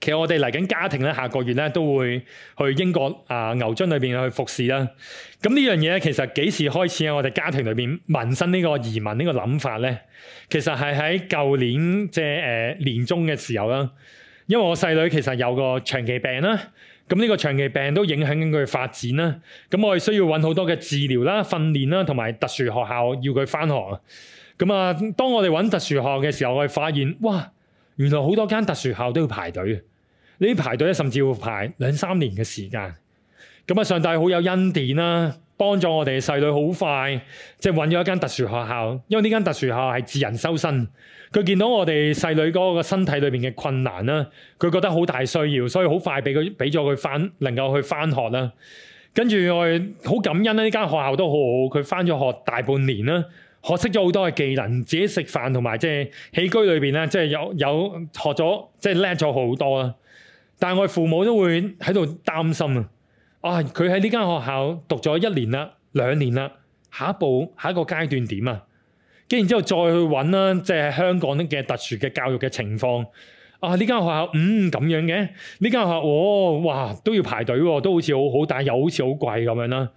其實我哋嚟緊家庭咧，下個月咧都會去英國啊、呃、牛津裏邊去服侍啦。咁呢樣嘢咧，其實幾時開始喺我哋家庭裏邊萌生呢個移民個呢個諗法咧，其實係喺舊年即係誒、呃、年中嘅時候啦。因為我細女其實有個長期病啦，咁呢個長期病都影響緊佢嘅發展啦。咁我哋需要揾好多嘅治療啦、訓練啦，同埋特殊學校要佢翻學。咁啊，當我哋揾特殊學校嘅時候，我哋發現哇，原來好多間特殊校都要排隊。呢啲排隊甚至要排兩三年嘅時間。咁啊，上帝好有恩典啦，幫助我哋細女好快，即係揾咗一間特殊學校。因為呢間特殊學校係治人修身，佢見到我哋細女嗰個身體裏邊嘅困難啦，佢覺得好大需要，所以好快俾佢俾咗佢返能夠去返學啦。跟住我好感恩呢間學校都好好，佢返咗學大半年啦，學識咗好多嘅技能，自己食飯同埋即係起居裏邊啦，即係有有學咗即係叻咗好多啊！但係我父母都會喺度擔心啊！啊，佢喺呢間學校讀咗一年啦、兩年啦，下一步、下一個階段點啊？跟然之後再去揾啦，即係香港嘅特殊嘅教育嘅情況啊！呢間學校嗯，咁樣嘅，呢間學校哦，哇都要排隊喎、啊，都好似好好，但係又好似好貴咁樣啦。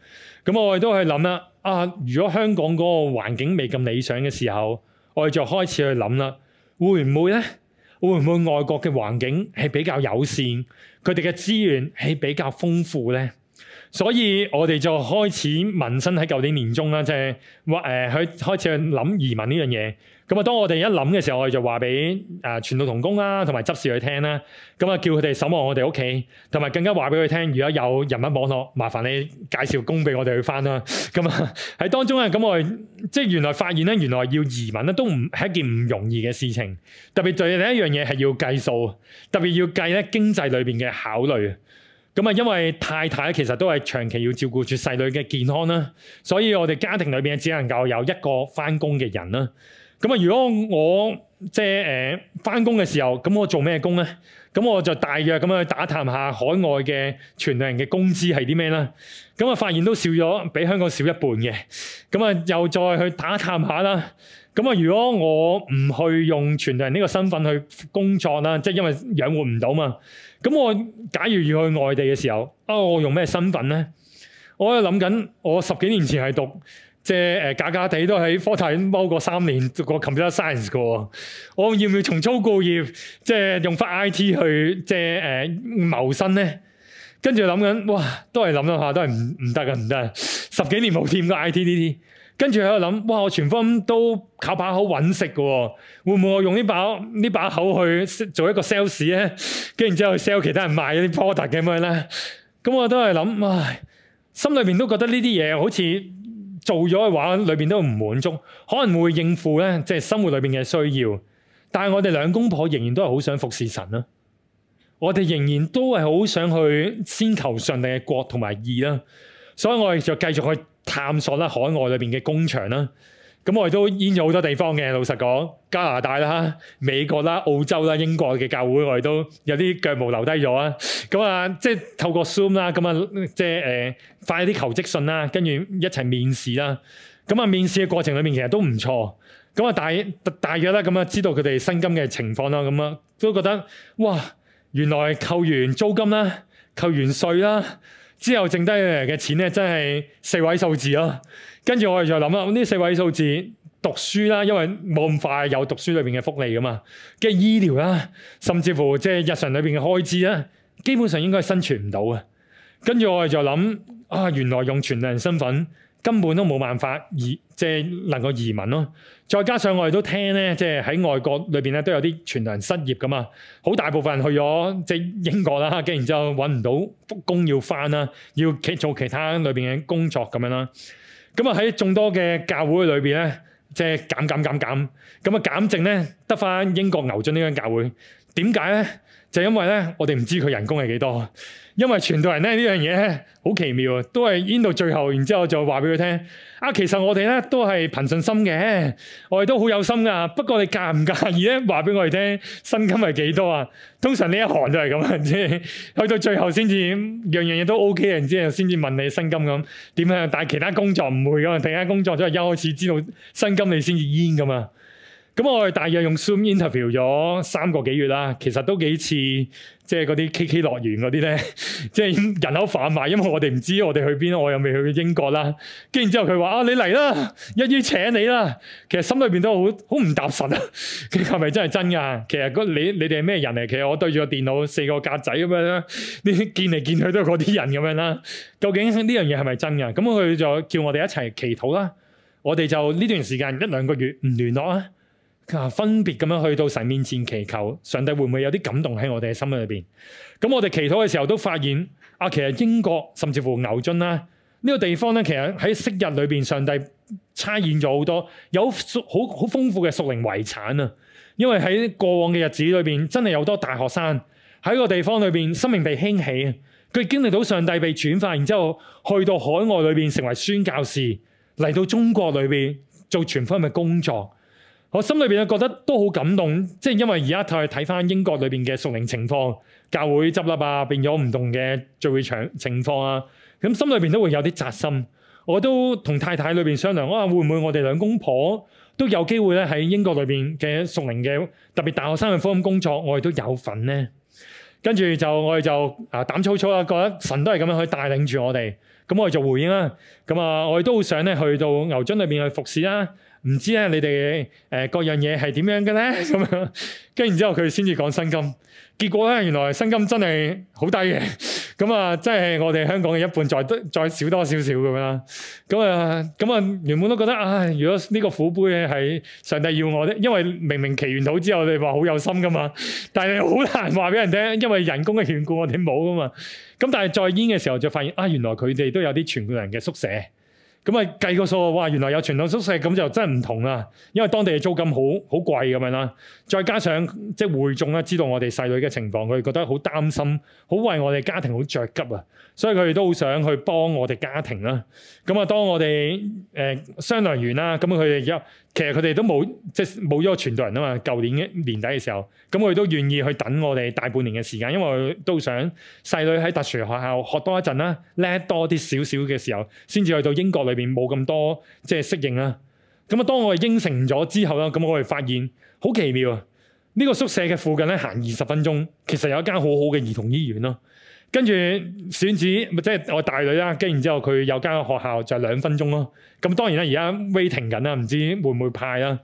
咁我哋都係諗啦，啊，如果香港嗰個環境未咁理想嘅時候，我哋就開始去諗啦，會唔會呢？會唔會外國嘅環境係比較友善，佢哋嘅資源係比較豐富呢？所以我哋就開始萌生喺舊年年中啦，即係話誒開始去諗移民呢樣嘢。咁啊！當我哋一諗嘅時候，我哋就話俾誒傳道同工啦，同埋執事去聽啦。咁啊，叫佢哋守望我哋屋企，同埋更加話俾佢聽。如果有人民網絡，麻煩你介紹工俾我哋去翻啦。咁啊，喺當中咧，咁我哋即係原來發現咧，原來要移民咧都唔係一件唔容易嘅事情。特別對另一樣嘢係要計數，特別要計咧經濟裏邊嘅考慮。咁啊，因為太太其實都係長期要照顧住細女嘅健康啦，所以我哋家庭裏邊只能夠有一個翻工嘅人啦。咁啊！如果我即係誒翻工嘅時候，咁我做咩工咧？咁我就大約咁樣去打探下海外嘅全職人嘅工資係啲咩啦。咁啊，發現都少咗，比香港少一半嘅。咁啊，又再去打探下啦。咁啊，如果我唔去用全職人呢個身份去工作啦，即係因為養活唔到嘛。咁我假如要去外地嘅時候，啊、哦，我用咩身份咧？我喺諗緊，我十幾年前係讀。即係誒假假地都喺科大踎過三年讀過 computer science 嘅喎、哦，我要唔要重操故業？即係用翻 IT 去即係誒、呃、謀生咧？跟住諗緊，哇，都係諗一下，都係唔唔得嘅，唔得。十幾年冇掂過 IT 呢啲，跟住喺度諗，哇！我全方都靠把口揾食嘅喎、哦，會唔會我用呢把呢把口去做一個 sales 咧？跟住之後 sell 其他人賣啲 product 咁樣咧？咁我都係諗，哇！心裏邊都覺得呢啲嘢好似～做咗嘅話，裏邊都唔滿足，可能會應付咧，即係生活裏邊嘅需要。但係我哋兩公婆仍然都係好想服侍神啦，我哋仍然都係好想去先求上帝嘅國同埋義啦。所以我哋就繼續去探索啦海外裏邊嘅工場啦。咁我哋都遷咗好多地方嘅，老實講，加拿大啦、美國啦、澳洲啦、英國嘅教會，我哋都有啲腳毛留低咗啊！咁啊，即係透過 Zoom 啦，咁啊，即係誒發一啲求職信啦，跟住一齊面試啦。咁啊，面試嘅過程裡面其實都唔錯。咁啊，大大約咧咁樣知道佢哋薪金嘅情況啦。咁啊，都覺得哇，原來扣完租金啦，扣完稅啦。之後剩低嘅錢咧，真係四位數字咯。跟住我哋就諗啦，呢四位數字讀書啦，因為冇咁快有讀書裏邊嘅福利㗎嘛。跟住醫療啦，甚至乎即係日常裏邊嘅開支啦，基本上應該係生存唔到啊。跟住我哋就諗啊，原來用全人身份。根本都冇辦法移，即係能夠移民咯。再加上我哋都聽咧，即係喺外國裏邊咧都有啲傳人失業噶嘛。好大部分去咗即係英國啦，跟然之後揾唔到復工要翻啦，要做其他裏邊嘅工作咁樣啦。咁啊喺眾多嘅教會裏邊咧，即係減減減減，咁啊減淨咧得翻英國牛津呢間教會。點解咧？就因為咧，我哋唔知佢人工係幾多，因為全隊人咧呢樣嘢咧好奇妙啊，都係 in 到最後，然之後就話俾佢聽啊。其實我哋咧都係憑信心嘅，我哋都好有心噶。不過你介唔介意咧？話俾我哋聽，薪金係幾多啊？通常呢一行就係咁樣啊，即係去到最後先至樣樣嘢都 OK 啊，然之後先至問你薪金咁點樣。但係其他工作唔會咁啊，其他工作都係一開始知道薪金你先至 in 噶嘛。咁我哋大約用 Zoom interview 咗三個幾月啦，其實都幾似即係嗰啲 KK 樂園嗰啲咧，即係人口販賣，因為我哋唔知我哋去邊，我又未去英國啦。跟住之後佢話：啊，你嚟啦，一於請你啦。其實心裏邊都好好唔踏實啊！佢係咪真係真㗎？其實你你哋係咩人嚟、啊？其實我對住個電腦四個格仔咁樣啦，你見嚟見去都係嗰啲人咁樣啦。究竟呢樣嘢係咪真㗎、啊？咁佢就叫我哋一齊祈禱啦。我哋就呢段時間一兩個月唔聯絡啊。啊、分別咁樣去到神面前祈求，上帝會唔會有啲感動喺我哋嘅心裏邊？咁我哋祈禱嘅時候都發現，啊，其實英國甚至乎牛津啦、啊，呢、呢個地方咧，其實喺昔日裏邊，上帝差現咗好多有好好豐富嘅屬靈遺產啊！因為喺過往嘅日子裏邊，真係有好多大學生喺個地方裏邊生命被興起，佢經歷到上帝被轉化然，然之後去到海外裏邊成為宣教士，嚟到中國裏邊做全方面嘅工作。我心裏邊啊覺得都好感動，即係因為而家佢睇翻英國裏邊嘅屬靈情況，教會執笠啦，變咗唔同嘅聚會場情況啊，咁心裏邊都會有啲扎心。我都同太太裏邊商量，啊會唔會我哋兩公婆都有機會咧喺英國裏邊嘅屬靈嘅特別大學生嘅福音工作，我哋都有份咧。跟住就我哋就啊膽粗粗啊，覺得神都係咁樣去帶領住我哋，咁我哋就回應啦。咁啊，我哋都好想咧去到牛津裏邊去服侍啦。唔知咧，你哋誒各樣嘢係點樣嘅咧？咁樣，跟然之後佢先至講薪金，結果咧原來薪金真係好低嘅。咁 啊，即係我哋香港嘅一半再，再再少多少少咁啦。咁啊，咁啊，原本都覺得啊，如果呢個苦杯係上帝要我咧，因為明明祈完禱之後，你話好有心噶嘛。但係好難話俾人聽，因為人工嘅緣故我哋冇噶嘛。咁但係再煙嘅時候就發現啊，原來佢哋都有啲全僱人嘅宿舍。咁啊，計個數哇！原來有傳統宿舍咁就真係唔同啦，因為當地嘅租金好好貴咁樣啦。再加上即係會眾咧，知道我哋細女嘅情況，佢哋覺得好擔心，好為我哋家庭好着急啊。所以佢哋都好想去幫我哋家庭啦。咁啊，當我哋誒、呃、商量完啦，咁佢哋而家。其實佢哋都冇即係冇咗個傳道人啊嘛！舊年年底嘅時候，咁我哋都願意去等我哋大半年嘅時間，因為都想細女喺特殊學校學多一陣啦，叻多啲少少嘅時候，先至去到英國裏邊冇咁多即係適應啦。咁啊，當我哋應承咗之後咧，咁我哋發現好奇妙啊！呢個宿舍嘅附近咧，行二十分鐘，其實有一間好好嘅兒童醫院咯、啊。跟住選子，即係我大女啦。跟然之後，佢有間學校就兩、是、分鐘咯。咁當然啦，而家 waiting 緊啦，唔知會唔會派啦。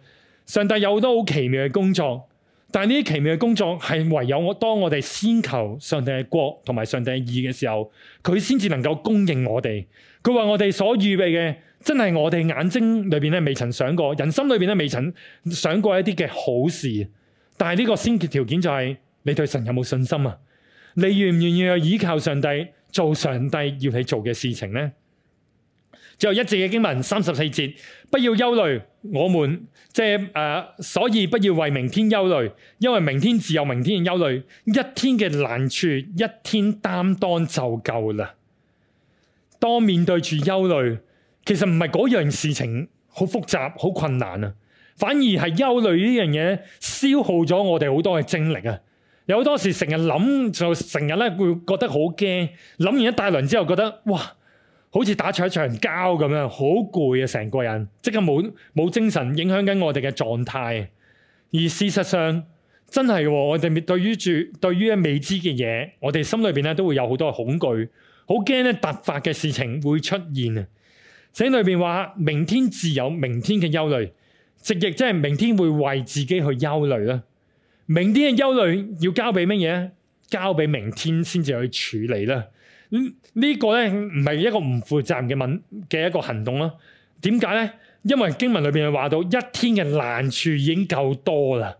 上帝有好多好奇妙嘅工作，但係呢啲奇妙嘅工作係唯有我當我哋先求上帝嘅國同埋上帝嘅義嘅時候，佢先至能夠供應我哋。佢話我哋所預備嘅真係我哋眼睛裏邊咧未曾想過，人心裏邊咧未曾想過一啲嘅好事。但係呢個先決條件就係、是、你對神有冇信心啊？你願唔願意去依靠上帝，做上帝要你做嘅事情呢？最後一節嘅經文三十四節，不要憂慮，我們即係誒，所以不要為明天憂慮，因為明天自有明天嘅憂慮。一天嘅難處，一天擔當就夠啦。當面對住憂慮，其實唔係嗰樣事情好複雜、好困難啊，反而係憂慮呢樣嘢消耗咗我哋好多嘅精力啊。有好多時成日諗就成日咧會覺得好驚，諗完一大輪之後覺得哇，好似打場長交咁樣，好攰啊，成個人即刻冇冇精神，影響緊我哋嘅狀態。而事實上真係、哦，我哋對於住對於未知嘅嘢，我哋心裏邊咧都會有好多恐懼，好驚咧突發嘅事情會出現啊！聖經裏面話明天自有明天嘅憂慮，直譯即係明天會為自己去憂慮啦。明天嘅憂慮要交俾乜嘢？交俾明天先至去處理啦。呢、這、呢個咧唔係一個唔負責任嘅問嘅一個行動咯。點解咧？因為經文裏邊話到，一天嘅難處已經夠多啦。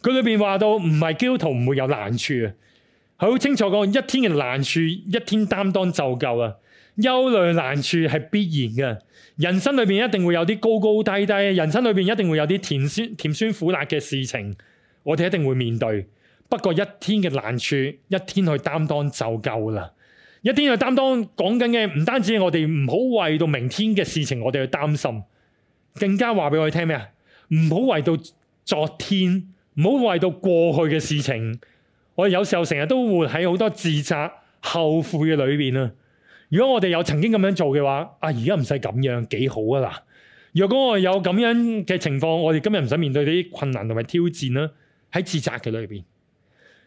佢裏邊話到，唔係基督徒唔會有難處啊。好清楚講一天嘅難處，一天擔當就夠啊。憂慮難處係必然嘅，人生裏邊一定會有啲高高低低，人生裏邊一定會有啲甜酸甜酸苦辣嘅事情。我哋一定會面對，不過一天嘅難處，一天去擔當就夠啦。一天去擔當，講緊嘅唔單止係我哋唔好為到明天嘅事情，我哋去擔心，更加話俾我哋聽咩啊？唔好為到昨天，唔好為到過去嘅事情。我哋有時候成日都活喺好多自責、後悔嘅裏面。啊！如果我哋有曾經咁樣做嘅話，啊，而家唔使咁樣，幾好啊嗱！若果我有咁樣嘅情況，我哋今日唔使面對啲困難同埋挑戰啦。喺自責嘅裏邊，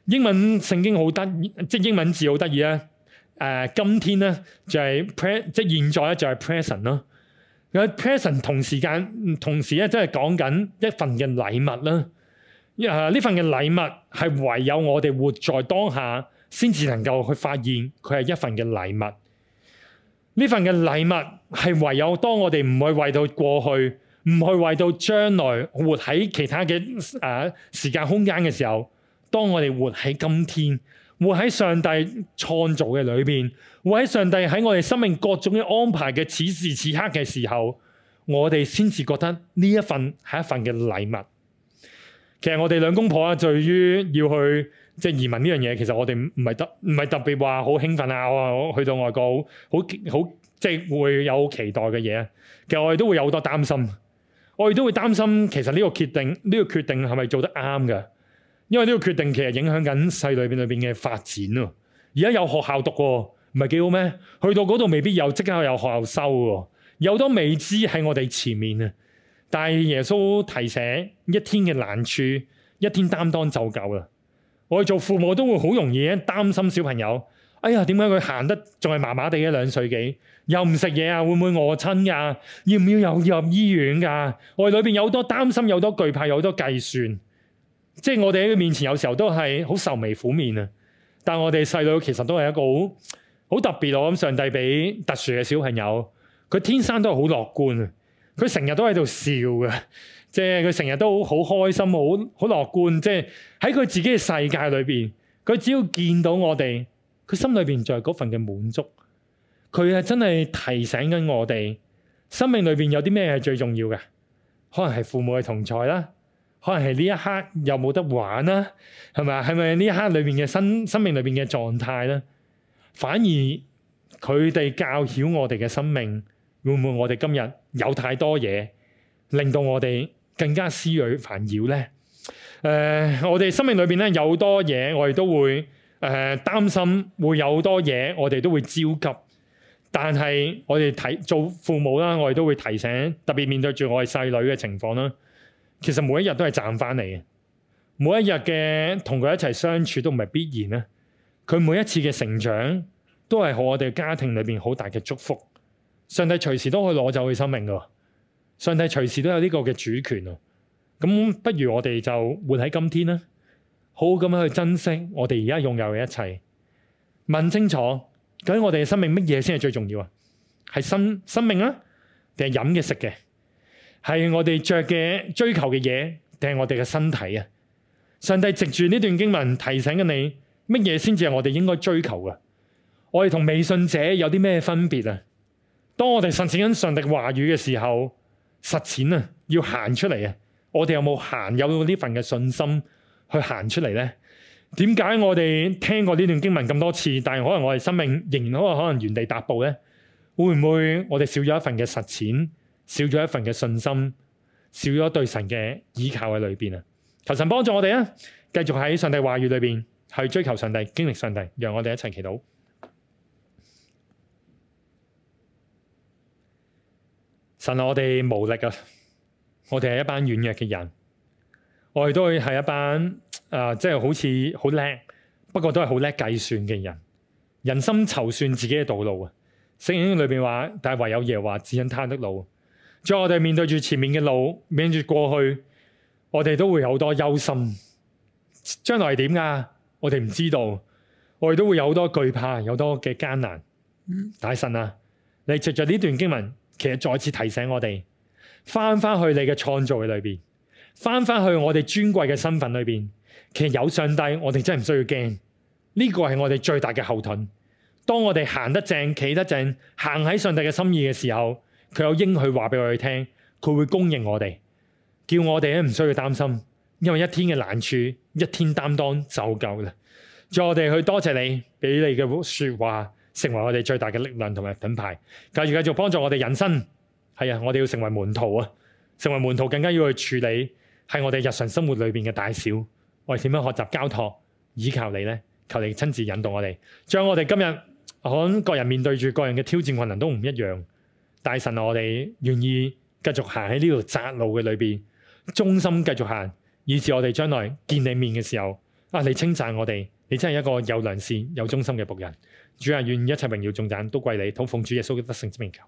英文聖經好得意，即係英文字好得意啦、啊。誒、呃，今天呢，就係 p r 即係現在咧就係 present 啦、啊。有、呃、present 同時間同時咧，即係講緊一份嘅禮物啦、啊。呢、呃、份嘅禮物係唯有我哋活在當下，先至能夠去發現佢係一份嘅禮物。呢份嘅禮物係唯有當我哋唔會為到過去。唔去為到將來活喺其他嘅啊時間空間嘅時候，當我哋活喺今天，活喺上帝創造嘅裏邊，活喺上帝喺我哋生命各種嘅安排嘅此時此刻嘅時候，我哋先至覺得呢一份係一份嘅禮物。其實我哋兩公婆啊，對於要去即係移民呢樣嘢，其實我哋唔係得唔係特別話好興奮啊！我去到外國好好即係會有期待嘅嘢。其實我哋都會有好多擔心。我哋都會擔心，其實呢個決定，呢、呢個決定係咪做得啱㗎？因為呢個決定其實影響緊世裏邊裏邊嘅發展啊。而家有學校讀喎、哦，唔係幾好咩？去到嗰度未必有，即刻有學校收喎、哦。有都未知喺我哋前面啊！但係耶穌提醒，一天嘅難處，一天擔當就夠啦。我哋做父母都會好容易擔心小朋友。哎呀，點解佢行得仲係麻麻地一兩歲幾？又唔食嘢啊？會唔會餓親噶、啊？要唔要又要入醫院噶、啊？我哋裏邊有多擔心，有多懼怕，有多計算。即係我哋喺佢面前，有時候都係好愁眉苦面啊。但我哋細女其實都係一個好好特別、啊、我諗上帝俾特殊嘅小朋友，佢天生都係好樂觀啊。佢成日都喺度笑噶，即係佢成日都好開心、好好樂觀。即係喺佢自己嘅世界裏邊，佢只要見到我哋，佢心裏邊就係嗰份嘅滿足。佢係真係提醒緊我哋，生命裏邊有啲咩係最重要嘅？可能係父母嘅同在啦，可能係呢一刻又冇得玩啦，係咪？係咪呢一刻裏邊嘅生生命裏邊嘅狀態咧？反而佢哋教曉我哋嘅生命，會唔會我哋今日有太多嘢令到我哋更加思慮煩擾呢？誒，我哋生命裏邊咧有多嘢，我哋都會誒擔心，會有多嘢，我哋都會焦急。但係我哋睇做父母啦，我哋都會提醒，特別面對住我哋細女嘅情況啦。其實每一日都係賺翻嚟嘅，每一日嘅同佢一齊相處都唔係必然啦。佢每一次嘅成長都係好我哋家庭裏邊好大嘅祝福。上帝隨時都可以攞走佢生命㗎，上帝隨時都有呢個嘅主權啊。咁不如我哋就活喺今天啦，好好咁樣去珍惜我哋而家擁有嘅一切，問清楚。究竟我哋嘅生命乜嘢先係最重要啊？係生生命啊，定係飲嘅食嘅？係我哋着嘅追求嘅嘢，定係我哋嘅身體啊？上帝藉住呢段經文提醒緊你，乜嘢先至係我哋應該追求嘅？我哋同未信者有啲咩分別啊？當我哋實踐緊上帝話語嘅時候，實踐啊，要行出嚟啊！我哋有冇行？有呢份嘅信心去行出嚟呢？點解我哋聽過呢段經文咁多次，但係可能我哋生命仍然可能可能原地踏步呢？會唔會我哋少咗一份嘅實踐，少咗一份嘅信心，少咗對神嘅依靠喺裏邊啊？求神幫助我哋啊！繼續喺上帝話語裏邊去追求上帝、經歷上帝，讓我哋一齊祈禱。神，我哋無力啊！我哋係一班軟弱嘅人，我哋都會係一班。啊、呃，即係好似好叻，不過都係好叻計算嘅人。人心籌算自己嘅道路啊，面《聖經》裏邊話，但係唯有耶和華指引他的路。在我哋面對住前面嘅路，面對住過去，我哋都會有好多憂心，將來係點噶？我哋唔知道，我哋都會有好多懼怕，有多嘅艱難。大神啊，你藉着呢段經文，其實再次提醒我哋，翻翻去你嘅創造嘅裏邊，翻翻去我哋尊貴嘅身份裏邊。其實有上帝，我哋真係唔需要驚。呢、這個係我哋最大嘅後盾。當我哋行得正、企得正、行喺上帝嘅心意嘅時候，佢有應許話俾我哋聽，佢會供應我哋，叫我哋咧唔需要擔心，因為一天嘅難處，一天擔當就夠嘅。助我哋去多謝、謝你，俾你嘅說話成為我哋最大嘅力量同埋品牌。繼續繼續幫助我哋人生，係啊，我哋要成為門徒啊，成為門徒更加要去處理喺我哋日常生活裏邊嘅大小。我哋點樣學習交託倚靠你呢？求你親自引導我哋，像我哋今日，可能各人面對住各人嘅挑戰困難都唔一樣。大神、啊，我哋願意繼續行喺呢條窄路嘅裏邊，忠心繼續行，以至我哋將來見你面嘅時候，啊！你稱讚我哋，你真係一個有良善、有忠心嘅僕人。主啊，願意一切榮耀、重讚都歸你，討奉主耶穌嘅得勝之名求